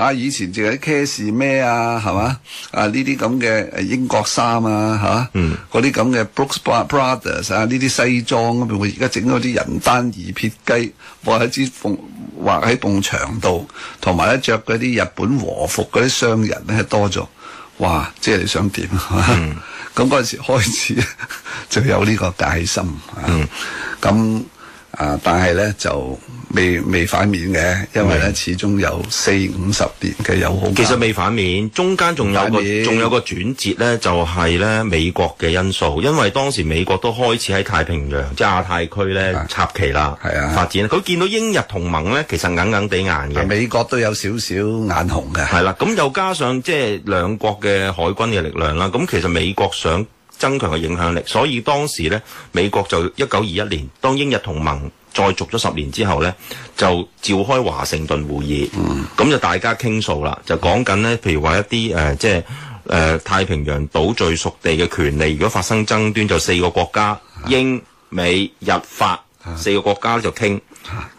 啊！以前淨係茄士咩啊，係嘛？啊！呢啲咁嘅英國衫啊，嚇、啊，嗰啲咁嘅 Brooks Brothers 啊，呢啲西裝咁樣，而家整咗啲人丹二撇雞畫喺支縫，畫喺埲牆度，同埋咧着嗰啲日本和服嗰啲商人咧多咗，哇！即係你想點啊？咁嗰陣時開始 就有呢個戒心，咁、啊。嗯啊。啊！但係咧就未未反面嘅，因為咧的始終有四五十年嘅友好。其實未反面，中間仲有個仲面有個轉折咧，就係、是、咧美國嘅因素，因為當時美國都開始喺太平洋即係亞太區咧插旗啦，啊、發展。佢見到英日同盟咧，其實硬硬地硬嘅、啊，美國都有少少眼紅嘅。係啦，咁又加上即係兩國嘅海軍嘅力量啦，咁其實美國想。增強嘅影響力，所以當時呢，美國就一九二一年，當英日同盟再續咗十年之後呢，就召開華盛頓會議，咁、嗯、就大家傾訴啦，就講緊呢，譬如話一啲誒、呃，即係、呃、太平洋島嶼屬地嘅權利，如果發生爭端，就四個國家，的英美日法的四個國家咧就傾，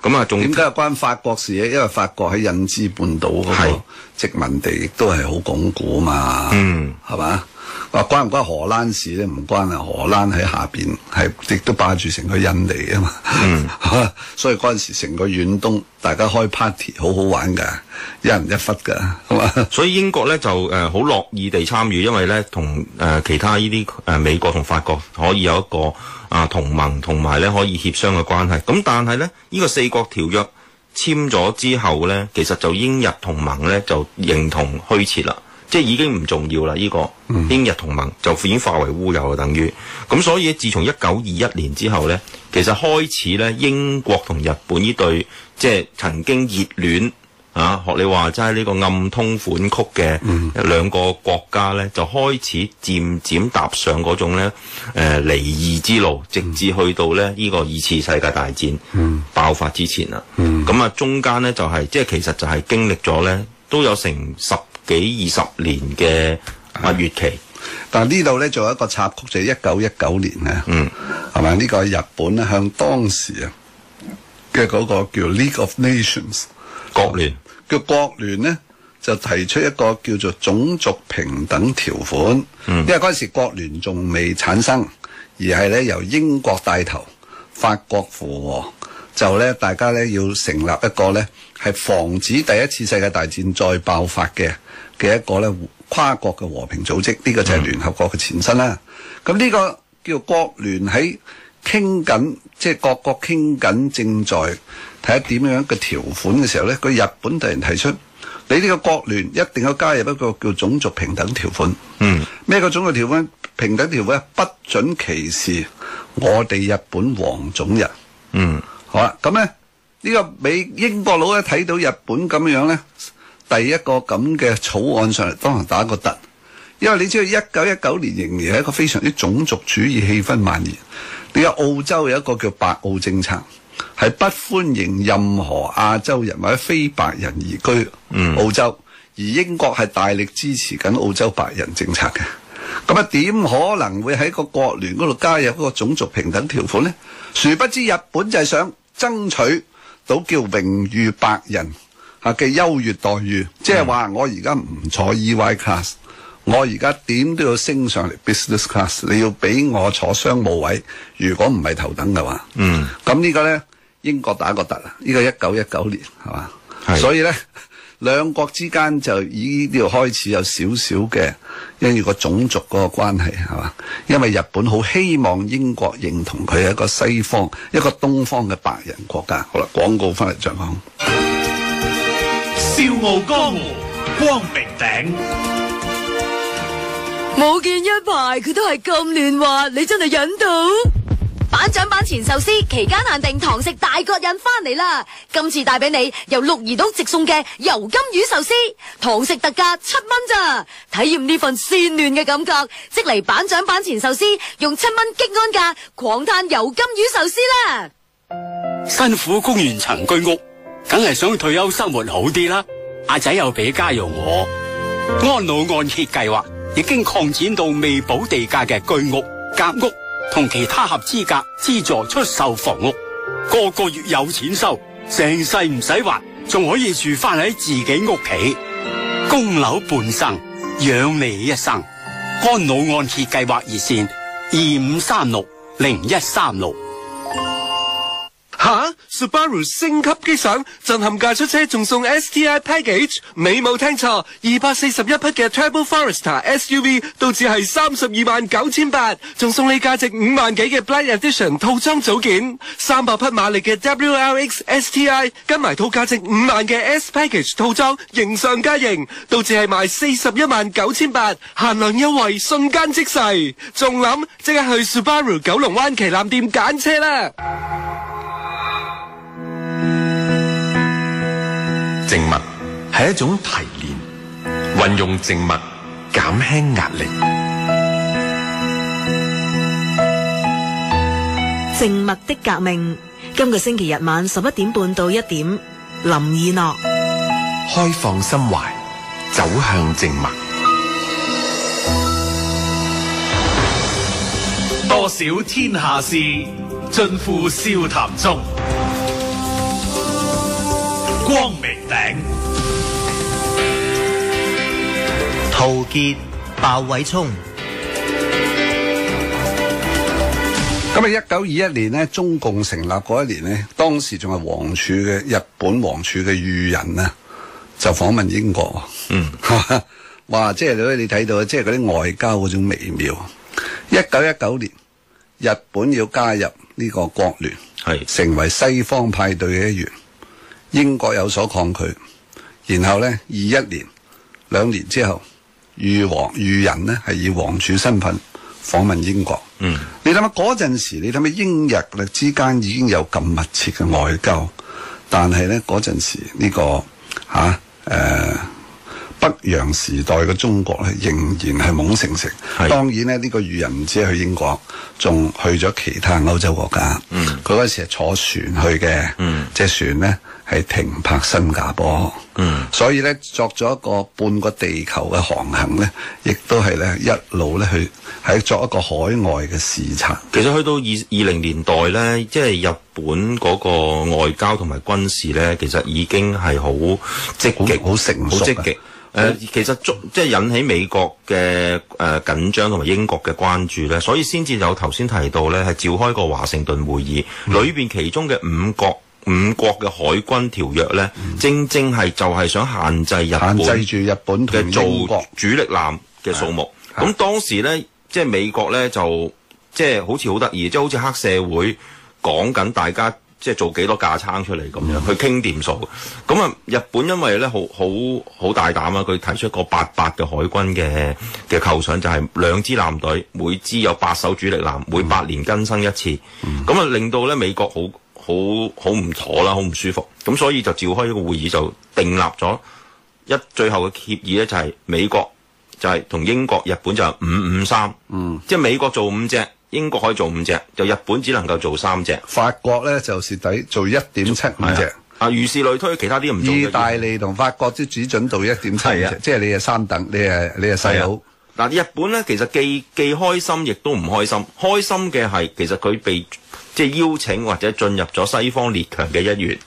咁啊，點解關於法國事咧？因為法國喺印支半島嗰個殖民地都係好鞏固嘛，係嘛、嗯？啊，關唔關荷蘭事咧？唔關啊，荷蘭喺下邊，係亦都霸住成個印尼啊嘛。嗯， 所以嗰陣時成個遠東大家開 party 好好玩㗎，一人一忽㗎，係嘛、嗯？ 所以英國咧就誒好樂意地參與，因為咧同誒其他呢啲誒美國同法國可以有一個啊同盟，同埋咧可以協商嘅關係。咁但係咧，呢、呢個四國條約簽咗之後咧，其實就英日同盟咧就形同虛設啦。即係已經唔重要啦！呢、這個英日同盟就已經化為烏有啊，等於咁。所以自從一九二一年之後呢，其實開始呢英國同日本呢對即係曾經熱戀啊，學你話齋呢個暗通款曲嘅兩個國家呢，就開始漸漸踏上嗰種呢誒、呃、離異之路，直至去到呢呢、這個二次世界大戰爆發之前啦。咁啊、嗯，中間呢就係、是、即係其實就係經歷咗呢，都有成十幾二十年嘅蜜月期，啊、但呢度呢，仲有一個插曲，就係一九一九年呢嗯，係咪呢個日本咧向當時啊嘅嗰個叫 League of Nations 國聯嘅、啊、國聯呢就提出一個叫做種族平等條款，嗯、因為嗰陣時國聯仲未產生，而係呢由英國帶頭，法國附和，就呢大家呢，要成立一個呢，係防止第一次世界大戰再爆發嘅。嘅一個咧跨國嘅和平組織，呢個就係聯合國嘅前身啦。咁呢個叫國聯喺傾緊，即係各國傾緊，正在睇下點樣嘅條款嘅時候咧，佢日本突然提出，你呢個國聯一定要加入一個叫種族平等條款。嗯，咩個種族條款？平等條款，不准歧視我哋日本黃種人。嗯，好啊。咁咧，呢個美英國佬咧睇到日本咁樣咧。第一個咁嘅草案上嚟，當然打個突，因為你知道一九一九年仍然係一個非常之種族主義氣氛蔓延。你話澳洲有一個叫白澳政策，係不歡迎任何亞洲人或者非白人移居、嗯、澳洲，而英國係大力支持緊澳洲白人政策嘅。咁啊，點可能會喺個國聯嗰度加入一個種族平等條款呢？殊不知日本就係想爭取到叫榮譽白人。啊嘅優越待遇，即係話我而家唔坐 EY class，我而家點都要升上嚟 business class，你要俾我坐商務位，如果唔係頭等嘅話。嗯。咁呢個呢，英國打個突啦，呢、呢個一九一九年係嘛？是所以呢，兩國之間就已經開始有少少嘅因為個種族嗰個關係係嘛？因為日本好希望英國認同佢係一個西方一個東方嘅白人國家。好啦，廣告翻嚟再講。笑傲江湖，光明頂。冇見一排佢都係咁嫩滑，你真係忍到？板長板前壽司期間限定堂食大角引翻嚟啦！今次帶俾你由鹿兒島直送嘅油甘魚壽司，堂食特價七蚊咋？體驗呢份鮮嫩嘅感覺，即嚟板長板前壽司用七蚊激安價狂嘆油甘魚壽司啦！辛苦公園層居屋。梗係想退休生活好啲啦，阿仔又俾家用我。安老按揭計劃已經擴展到未補地價嘅居屋、隔屋同其他合資格資助出售房屋，個個月有錢收，成世唔使還，仲可以住翻喺自己屋企，供樓半生，養你一生。安老按揭計劃熱線：二五三六零一三六。吓，Subaru 升級機上震撼價出車，仲送 STI Package，你冇聽錯，二百四十一匹嘅 Turbo Forester SUV，都只係三十二萬九千八，仲送你價值五萬幾嘅 Black Edition 套裝組件，三百匹馬力嘅 WRX STI，跟埋套價值五萬嘅 S Package 套裝，型上加型，都只係賣四十一萬九千八，限量優惠，瞬間即逝，仲諗即刻去 Subaru 九龍灣旗艦店揀車啦！靜默係一種提煉，運用靜默減輕壓力。靜默的革命，今個星期日晚十一點半到一點，林以諾，開放心懷，走向靜默，多少天下事，盡付笑談中，光明頂，陶傑、鮑偉聰。咁啊，一九二一年咧，中共成立嗰一年咧，當時仲係皇儲嘅日本皇儲嘅裕仁啊，就訪問英國。嗯，哇，即係你你睇到啊，即係嗰啲外交嗰種微妙。一九一九年。日本要加入呢個國聯，係的成為西方派對嘅一員。英國有所抗拒，然後呢，二一年、兩年之後，裕王裕仁呢係以皇儲身份訪問英國。嗯，你諗下嗰陣時，你諗下英日呢之間已經有咁密切嘅外交，但係呢，嗰陣時呢、這個嚇誒。啊呃北洋時代嘅中國咧，仍然係懵盛盛。的當然咧，呢、這個人唔知去英國，仲去咗其他歐洲國家。佢嗰陣時係坐船去嘅，即係、嗯、隻船呢係停泊新加坡。嗯、所以呢，作咗一個半個地球嘅航行呢亦都係呢一路呢去喺作一個海外嘅視察。其實去到二二零年代呢，即係日本嗰個外交同埋軍事呢，其實已經係好積極、好成熟、好積極。誒，嗯、其實即係、就是、引起美國嘅誒緊張，同、呃、埋英國嘅關注咧，所以先至有頭先提到咧，係召開個華盛頓會議，嗯、裏邊其中嘅五國五國嘅海軍條約咧，嗯、正正係就係想限制日本限制住日本嘅做主力艦嘅數目。咁當時咧，即、就、係、是、美國咧就即係、就是、好似、就是、好得意，即係好似黑社會講緊大家。.即係做幾多架撐出嚟咁樣去傾掂數，咁啊，日本因為咧好好好大膽啊。佢提出一個八八嘅海軍嘅嘅構想，就係、是、兩支艦隊，每支有八艘主力艦，每八年更新一次，咁啊、嗯、令到咧美國好好好唔妥啦，好唔舒服，咁所以就召開一個會議，就訂立咗一最後嘅協議咧，就係美國就係同英國、日本就係五五三，嗯，即係美國做五隻。英國可以做五隻，就日本只能夠做三隻。法國咧就蝕底做一點七五隻。啊，如是類推，其他啲唔意大利同法國都只準做一點七隻，啊、即係你係三等，你係你係細佬。嗱、啊，但日本咧其實既既開心亦都唔開心。開心嘅係其實佢被即係邀請或者進入咗西方列強嘅一員，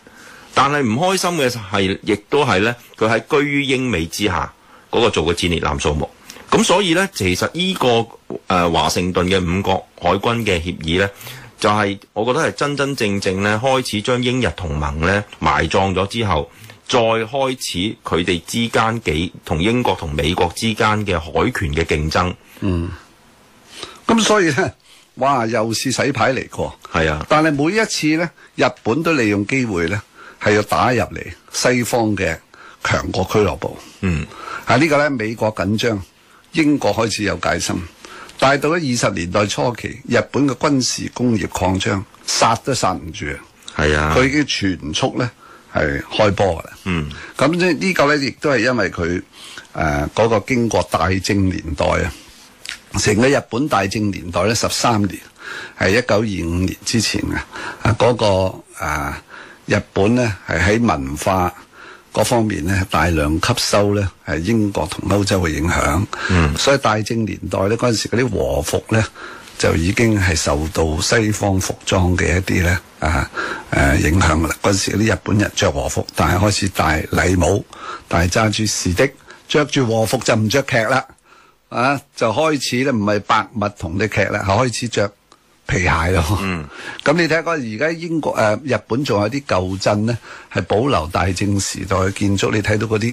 但係唔開心嘅係亦都係咧，佢喺居於英美之下嗰，那個做嘅戰列艦數目。咁所以呢，其實呢個誒華盛頓嘅五國海軍嘅協議呢，就係我覺得係真真正正呢，開始將英日同盟呢埋葬咗之後，再開始佢哋之間幾同英國同美國之間嘅海權嘅競爭。嗯，咁所以呢，哇，又是洗牌嚟過。係啊。但係每一次呢，日本都利用機會呢，係要打入嚟西方嘅強國俱樂部。嗯。啊，呢個呢美國緊張。英國開始有戒心，但係到咗二十年代初期，日本嘅軍事工業擴張，殺都殺唔住啊！係啊，佢已經全速咧係開波啦。嗯，咁即呢個咧，亦都係因為佢誒嗰個經過大正年代啊，成個日本大正年代咧十三年，係一九二五年之前啊！啊、嗯，嗰、嗰個、呃、日本咧係喺文化。各方面咧大量吸收咧，係英國同歐洲嘅影響，嗯、所以大正年代咧嗰陣時嗰啲和服咧，就已經係受到西方服裝嘅一啲咧啊誒、啊、影響啦。嗰陣時啲日本人着和服，但係開始戴禮帽，但係揸住士的，着住和服就唔着屐啦，啊就開始咧唔係白襪同啲屐啦，開始着皮鞋咯，咁、嗯、你睇下而家英國誒、呃、日本仲有啲舊鎮咧，係保留大正時代嘅建築，你睇到嗰啲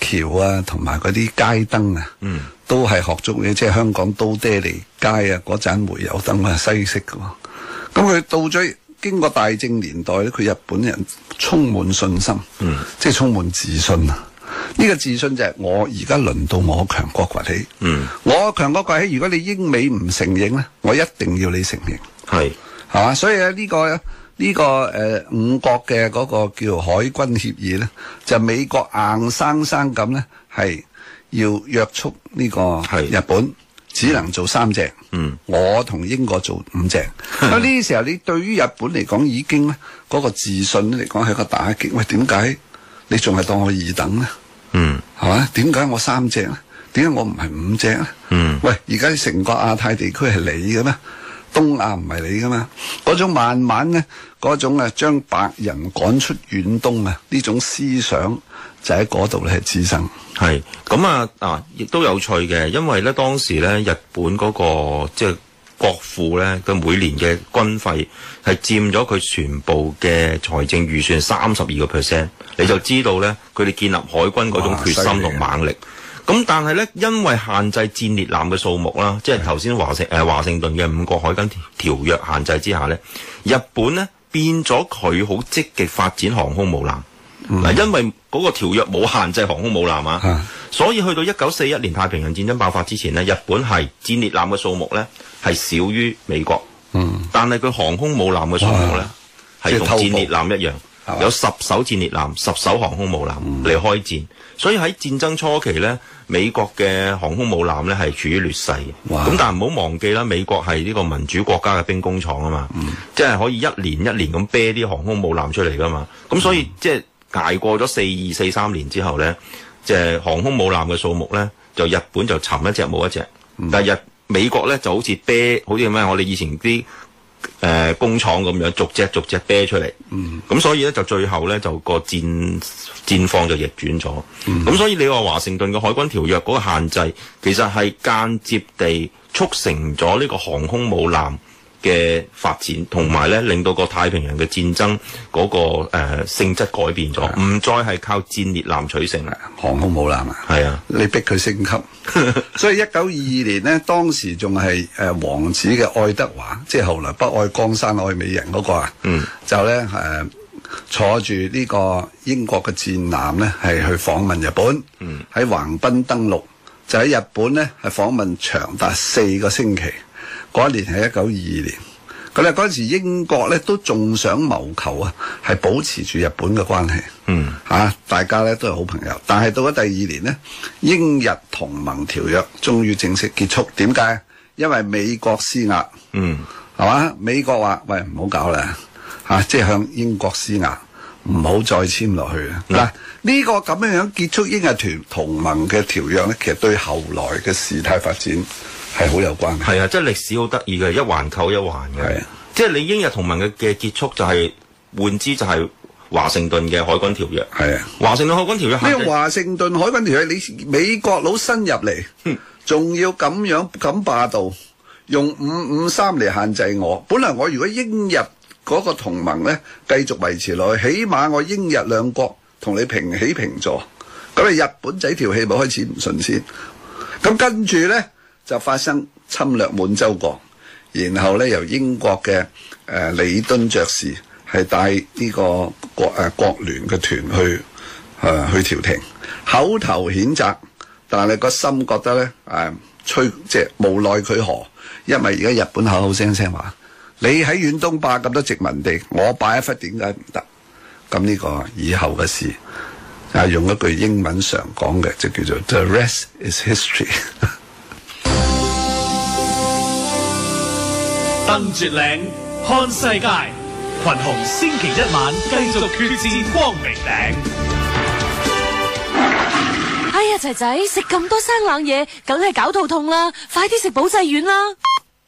橋啊，同埋嗰啲街燈啊，嗯、都係學足你，即係香港都爹利街啊，嗰盞煤油燈啊，西式嘅喎、啊。咁佢到咗經過大正年代咧，佢日本人充滿信心，嗯、即係充滿自信啊！呢個自信就係我而家輪到我強國崛起，嗯，我強國崛起，如果你英美唔承認咧，我一定要你承認，係係嘛？所以咧呢個呢個誒五國嘅嗰個叫海軍協議咧，就美國硬生生咁咧係要約束呢個日本是只能做三隻，嗯，我同英國做五隻。咁呢啲時候你對於日本嚟講已經咧嗰個自信嚟講係一個打擊。喂，點解你仲係當我二等呢？嗯，係嘛？點解我三隻咧？點解我唔係五隻咧？嗯，喂！而家成個亞太地區係你嘅咩？東亞唔係你嘅嘛？嗰種慢慢咧，嗰種啊，將白人趕出遠東啊，呢種思想就喺嗰度咧滋生。係咁啊！啊，亦都有趣嘅，因為咧當時咧日本嗰、嗰個即係。國庫咧，佢每年嘅軍費係佔咗佢全部嘅財政預算三十二個 percent，你就知道咧，佢哋的建立海軍嗰種決心同猛力。咁但係咧，因為限制戰列艦嘅數目啦，的即係頭先華盛誒華盛頓嘅、呃、五國海軍條約限制之下咧，日本咧變咗佢好積極發展航空母艦。嗱、嗯，因為嗰個條約冇限制航空母艦嘛，的所以去到一九四一年太平洋戰爭爆發之前咧，日本係戰列艦嘅數目咧。係少於美國，嗯，但係佢航空母艦嘅數目呢，係同哇戰列艦一樣，吧有十艘戰列艦、十艘航空母艦嚟開戰，嗯、所以喺戰爭初期呢，美國嘅航空母艦呢係處於劣勢嘅，咁哇但係唔好忘記啦，美國係呢個民主國家嘅兵工廠啊嘛，嗯、即係可以一年一年咁啤啲航空母艦出嚟噶嘛，咁、嗯、所以即係捱過咗四二四三年之後呢，即係航空母艦嘅數目呢，就日本就沉一隻冇一隻，但係日美國咧就好似啤，好似咩？我哋以前啲誒、呃、工廠咁樣逐隻逐隻啤出嚟，咁、mm hmm. 所以咧就最後咧就個戰戰況就逆轉咗。咁、mm hmm. 所以你話華盛頓嘅海軍條約嗰個限制，其實係間接地促成咗呢個航空母艦嘅發展，同埋咧令到個太平洋嘅戰爭嗰、那個、呃、性質改變咗，唔、啊、再係靠戰列艦取勝，航空母艦啊，係啊，你逼佢升級， 所以一九二二年呢，當時仲係誒王子嘅愛德華，即係後來不愛江山愛美人嗰、那個啊，嗯，就咧誒、呃、坐住呢個英國嘅戰艦咧，係去訪問日本，喺、嗯、橫濱登陸，就喺日本咧係訪問長達四個星期。嗰一年係一九二二年，咁咧嗰陣時英國咧都仲想謀求啊，係保持住日本嘅關係，嗯嚇、啊，大家咧都係好朋友。但係到咗第二年咧，英日同盟條約終於正式結束。點解？因為美國施壓，嗯，係嘛？美國話：喂，唔好搞啦，嚇、啊，即係向英國施壓，唔好再簽落去啦。嗱、嗯，呢個咁樣樣結束英日團同盟嘅條約咧，其實對後來嘅事態發展。係好有關嘅，係啊！即係歷史好得意嘅，一環扣一環嘅。係啊，即係你英日同盟嘅嘅結束就係、是、換之就係華盛頓嘅海軍條約。係啊，華盛頓海軍條約咩？華盛頓海軍條約你美國佬伸入嚟，仲哼要咁樣咁霸道，用五五三嚟限制我。本來我如果英日嗰個同盟咧繼續維持落去，起碼我英日兩國同你平起平坐。咁你日本仔條氣咪開始唔順先。咁跟住咧。就發生侵略滿洲國，然後咧由英國嘅誒李敦爵士係帶呢個國誒、呃、國聯嘅團去誒、呃、去調停，口頭譴責，但係個心覺得咧誒，吹、呃、即係無奈佢何，因為而家日本口口聲聲話你喺遠東霸咁多殖民地，我霸一忽點解唔得？咁呢個以後嘅事啊，用一句英文常講嘅就叫做 The rest is history。登、嗯、絕嶺，看世界。群雄星期一晚繼續決戰光明頂。哎呀，仔仔食咁多生冷嘢，梗係搞肚痛啦！快啲食保濟丸啦！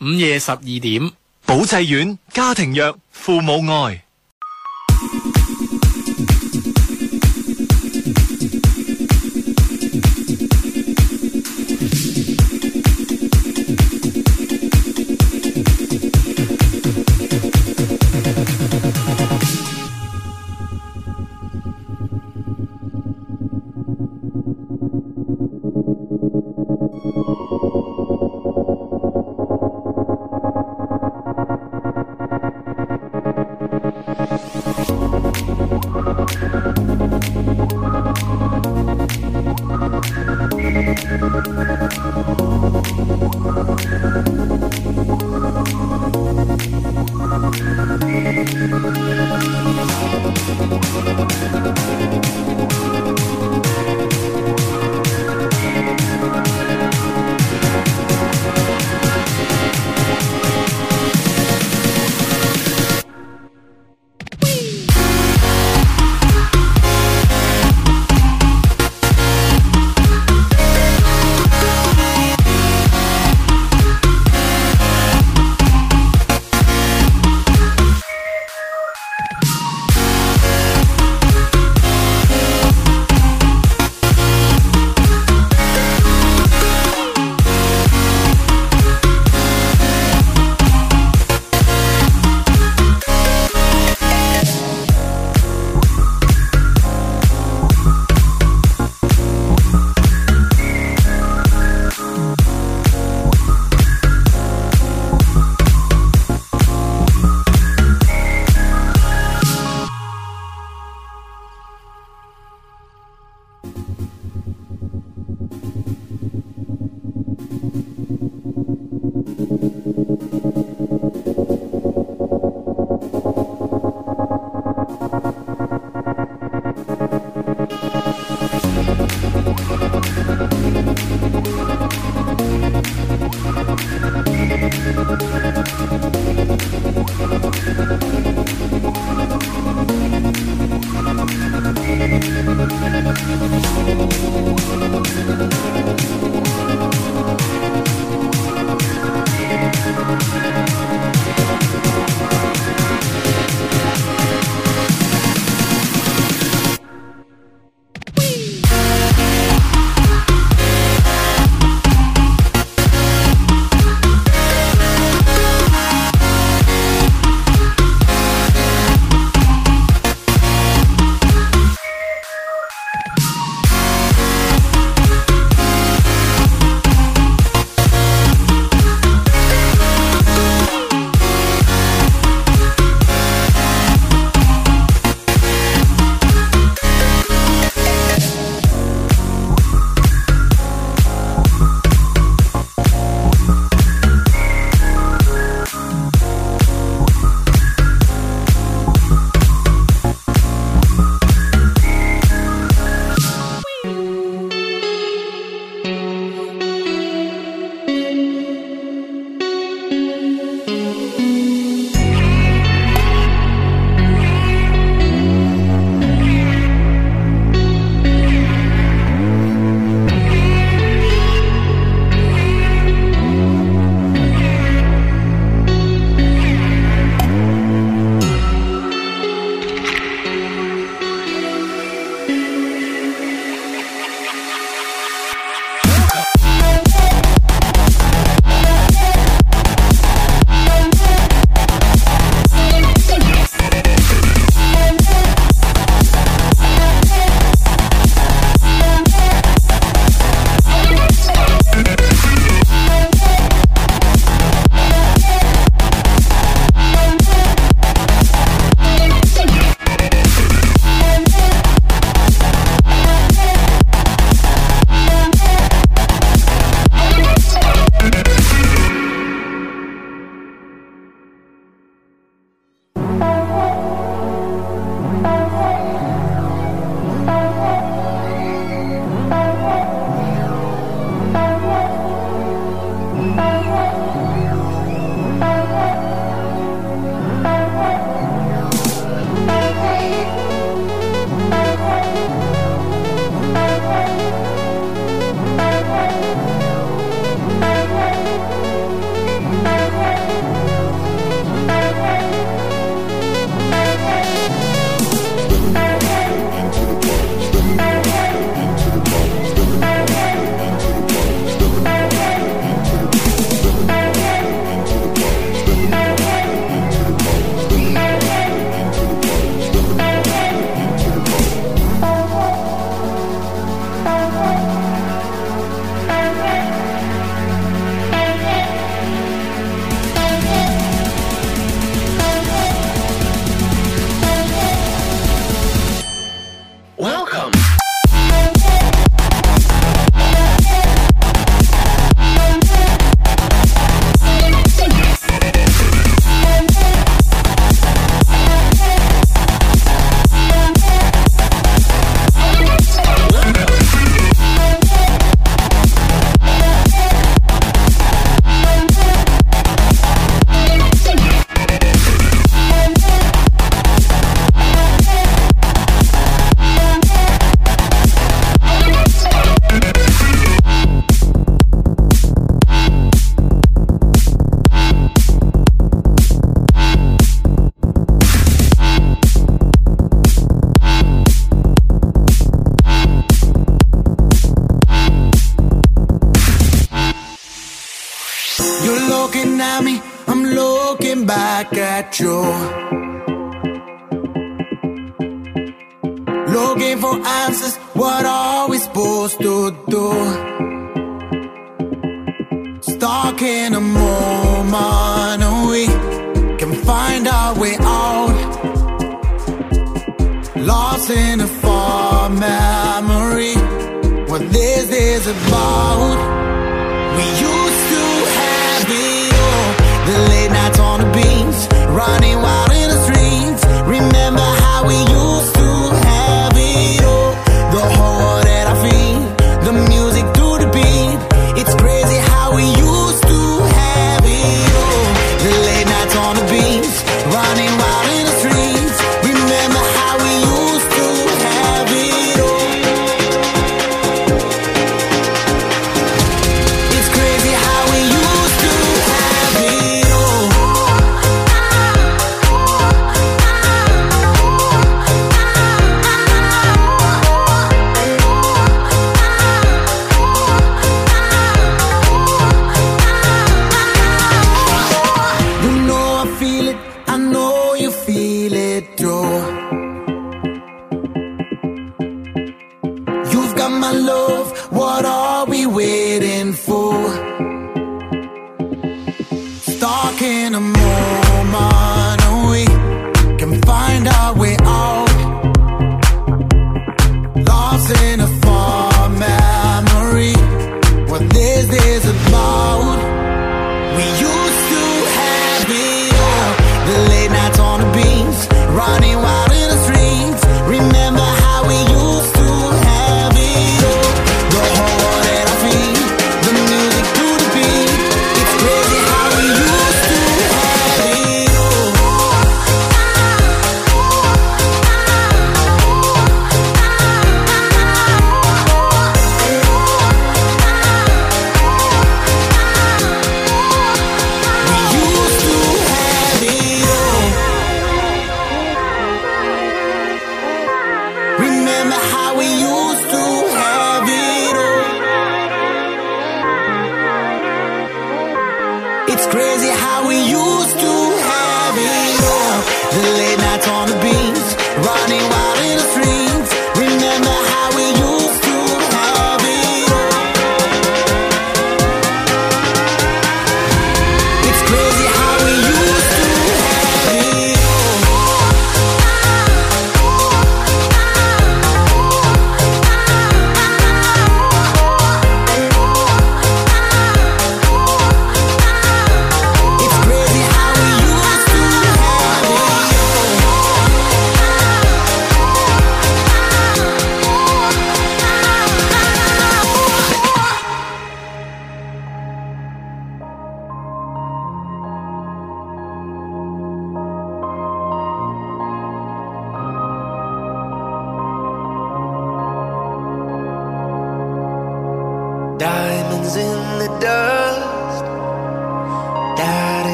午夜十二點，保濟丸，家庭藥，父母愛。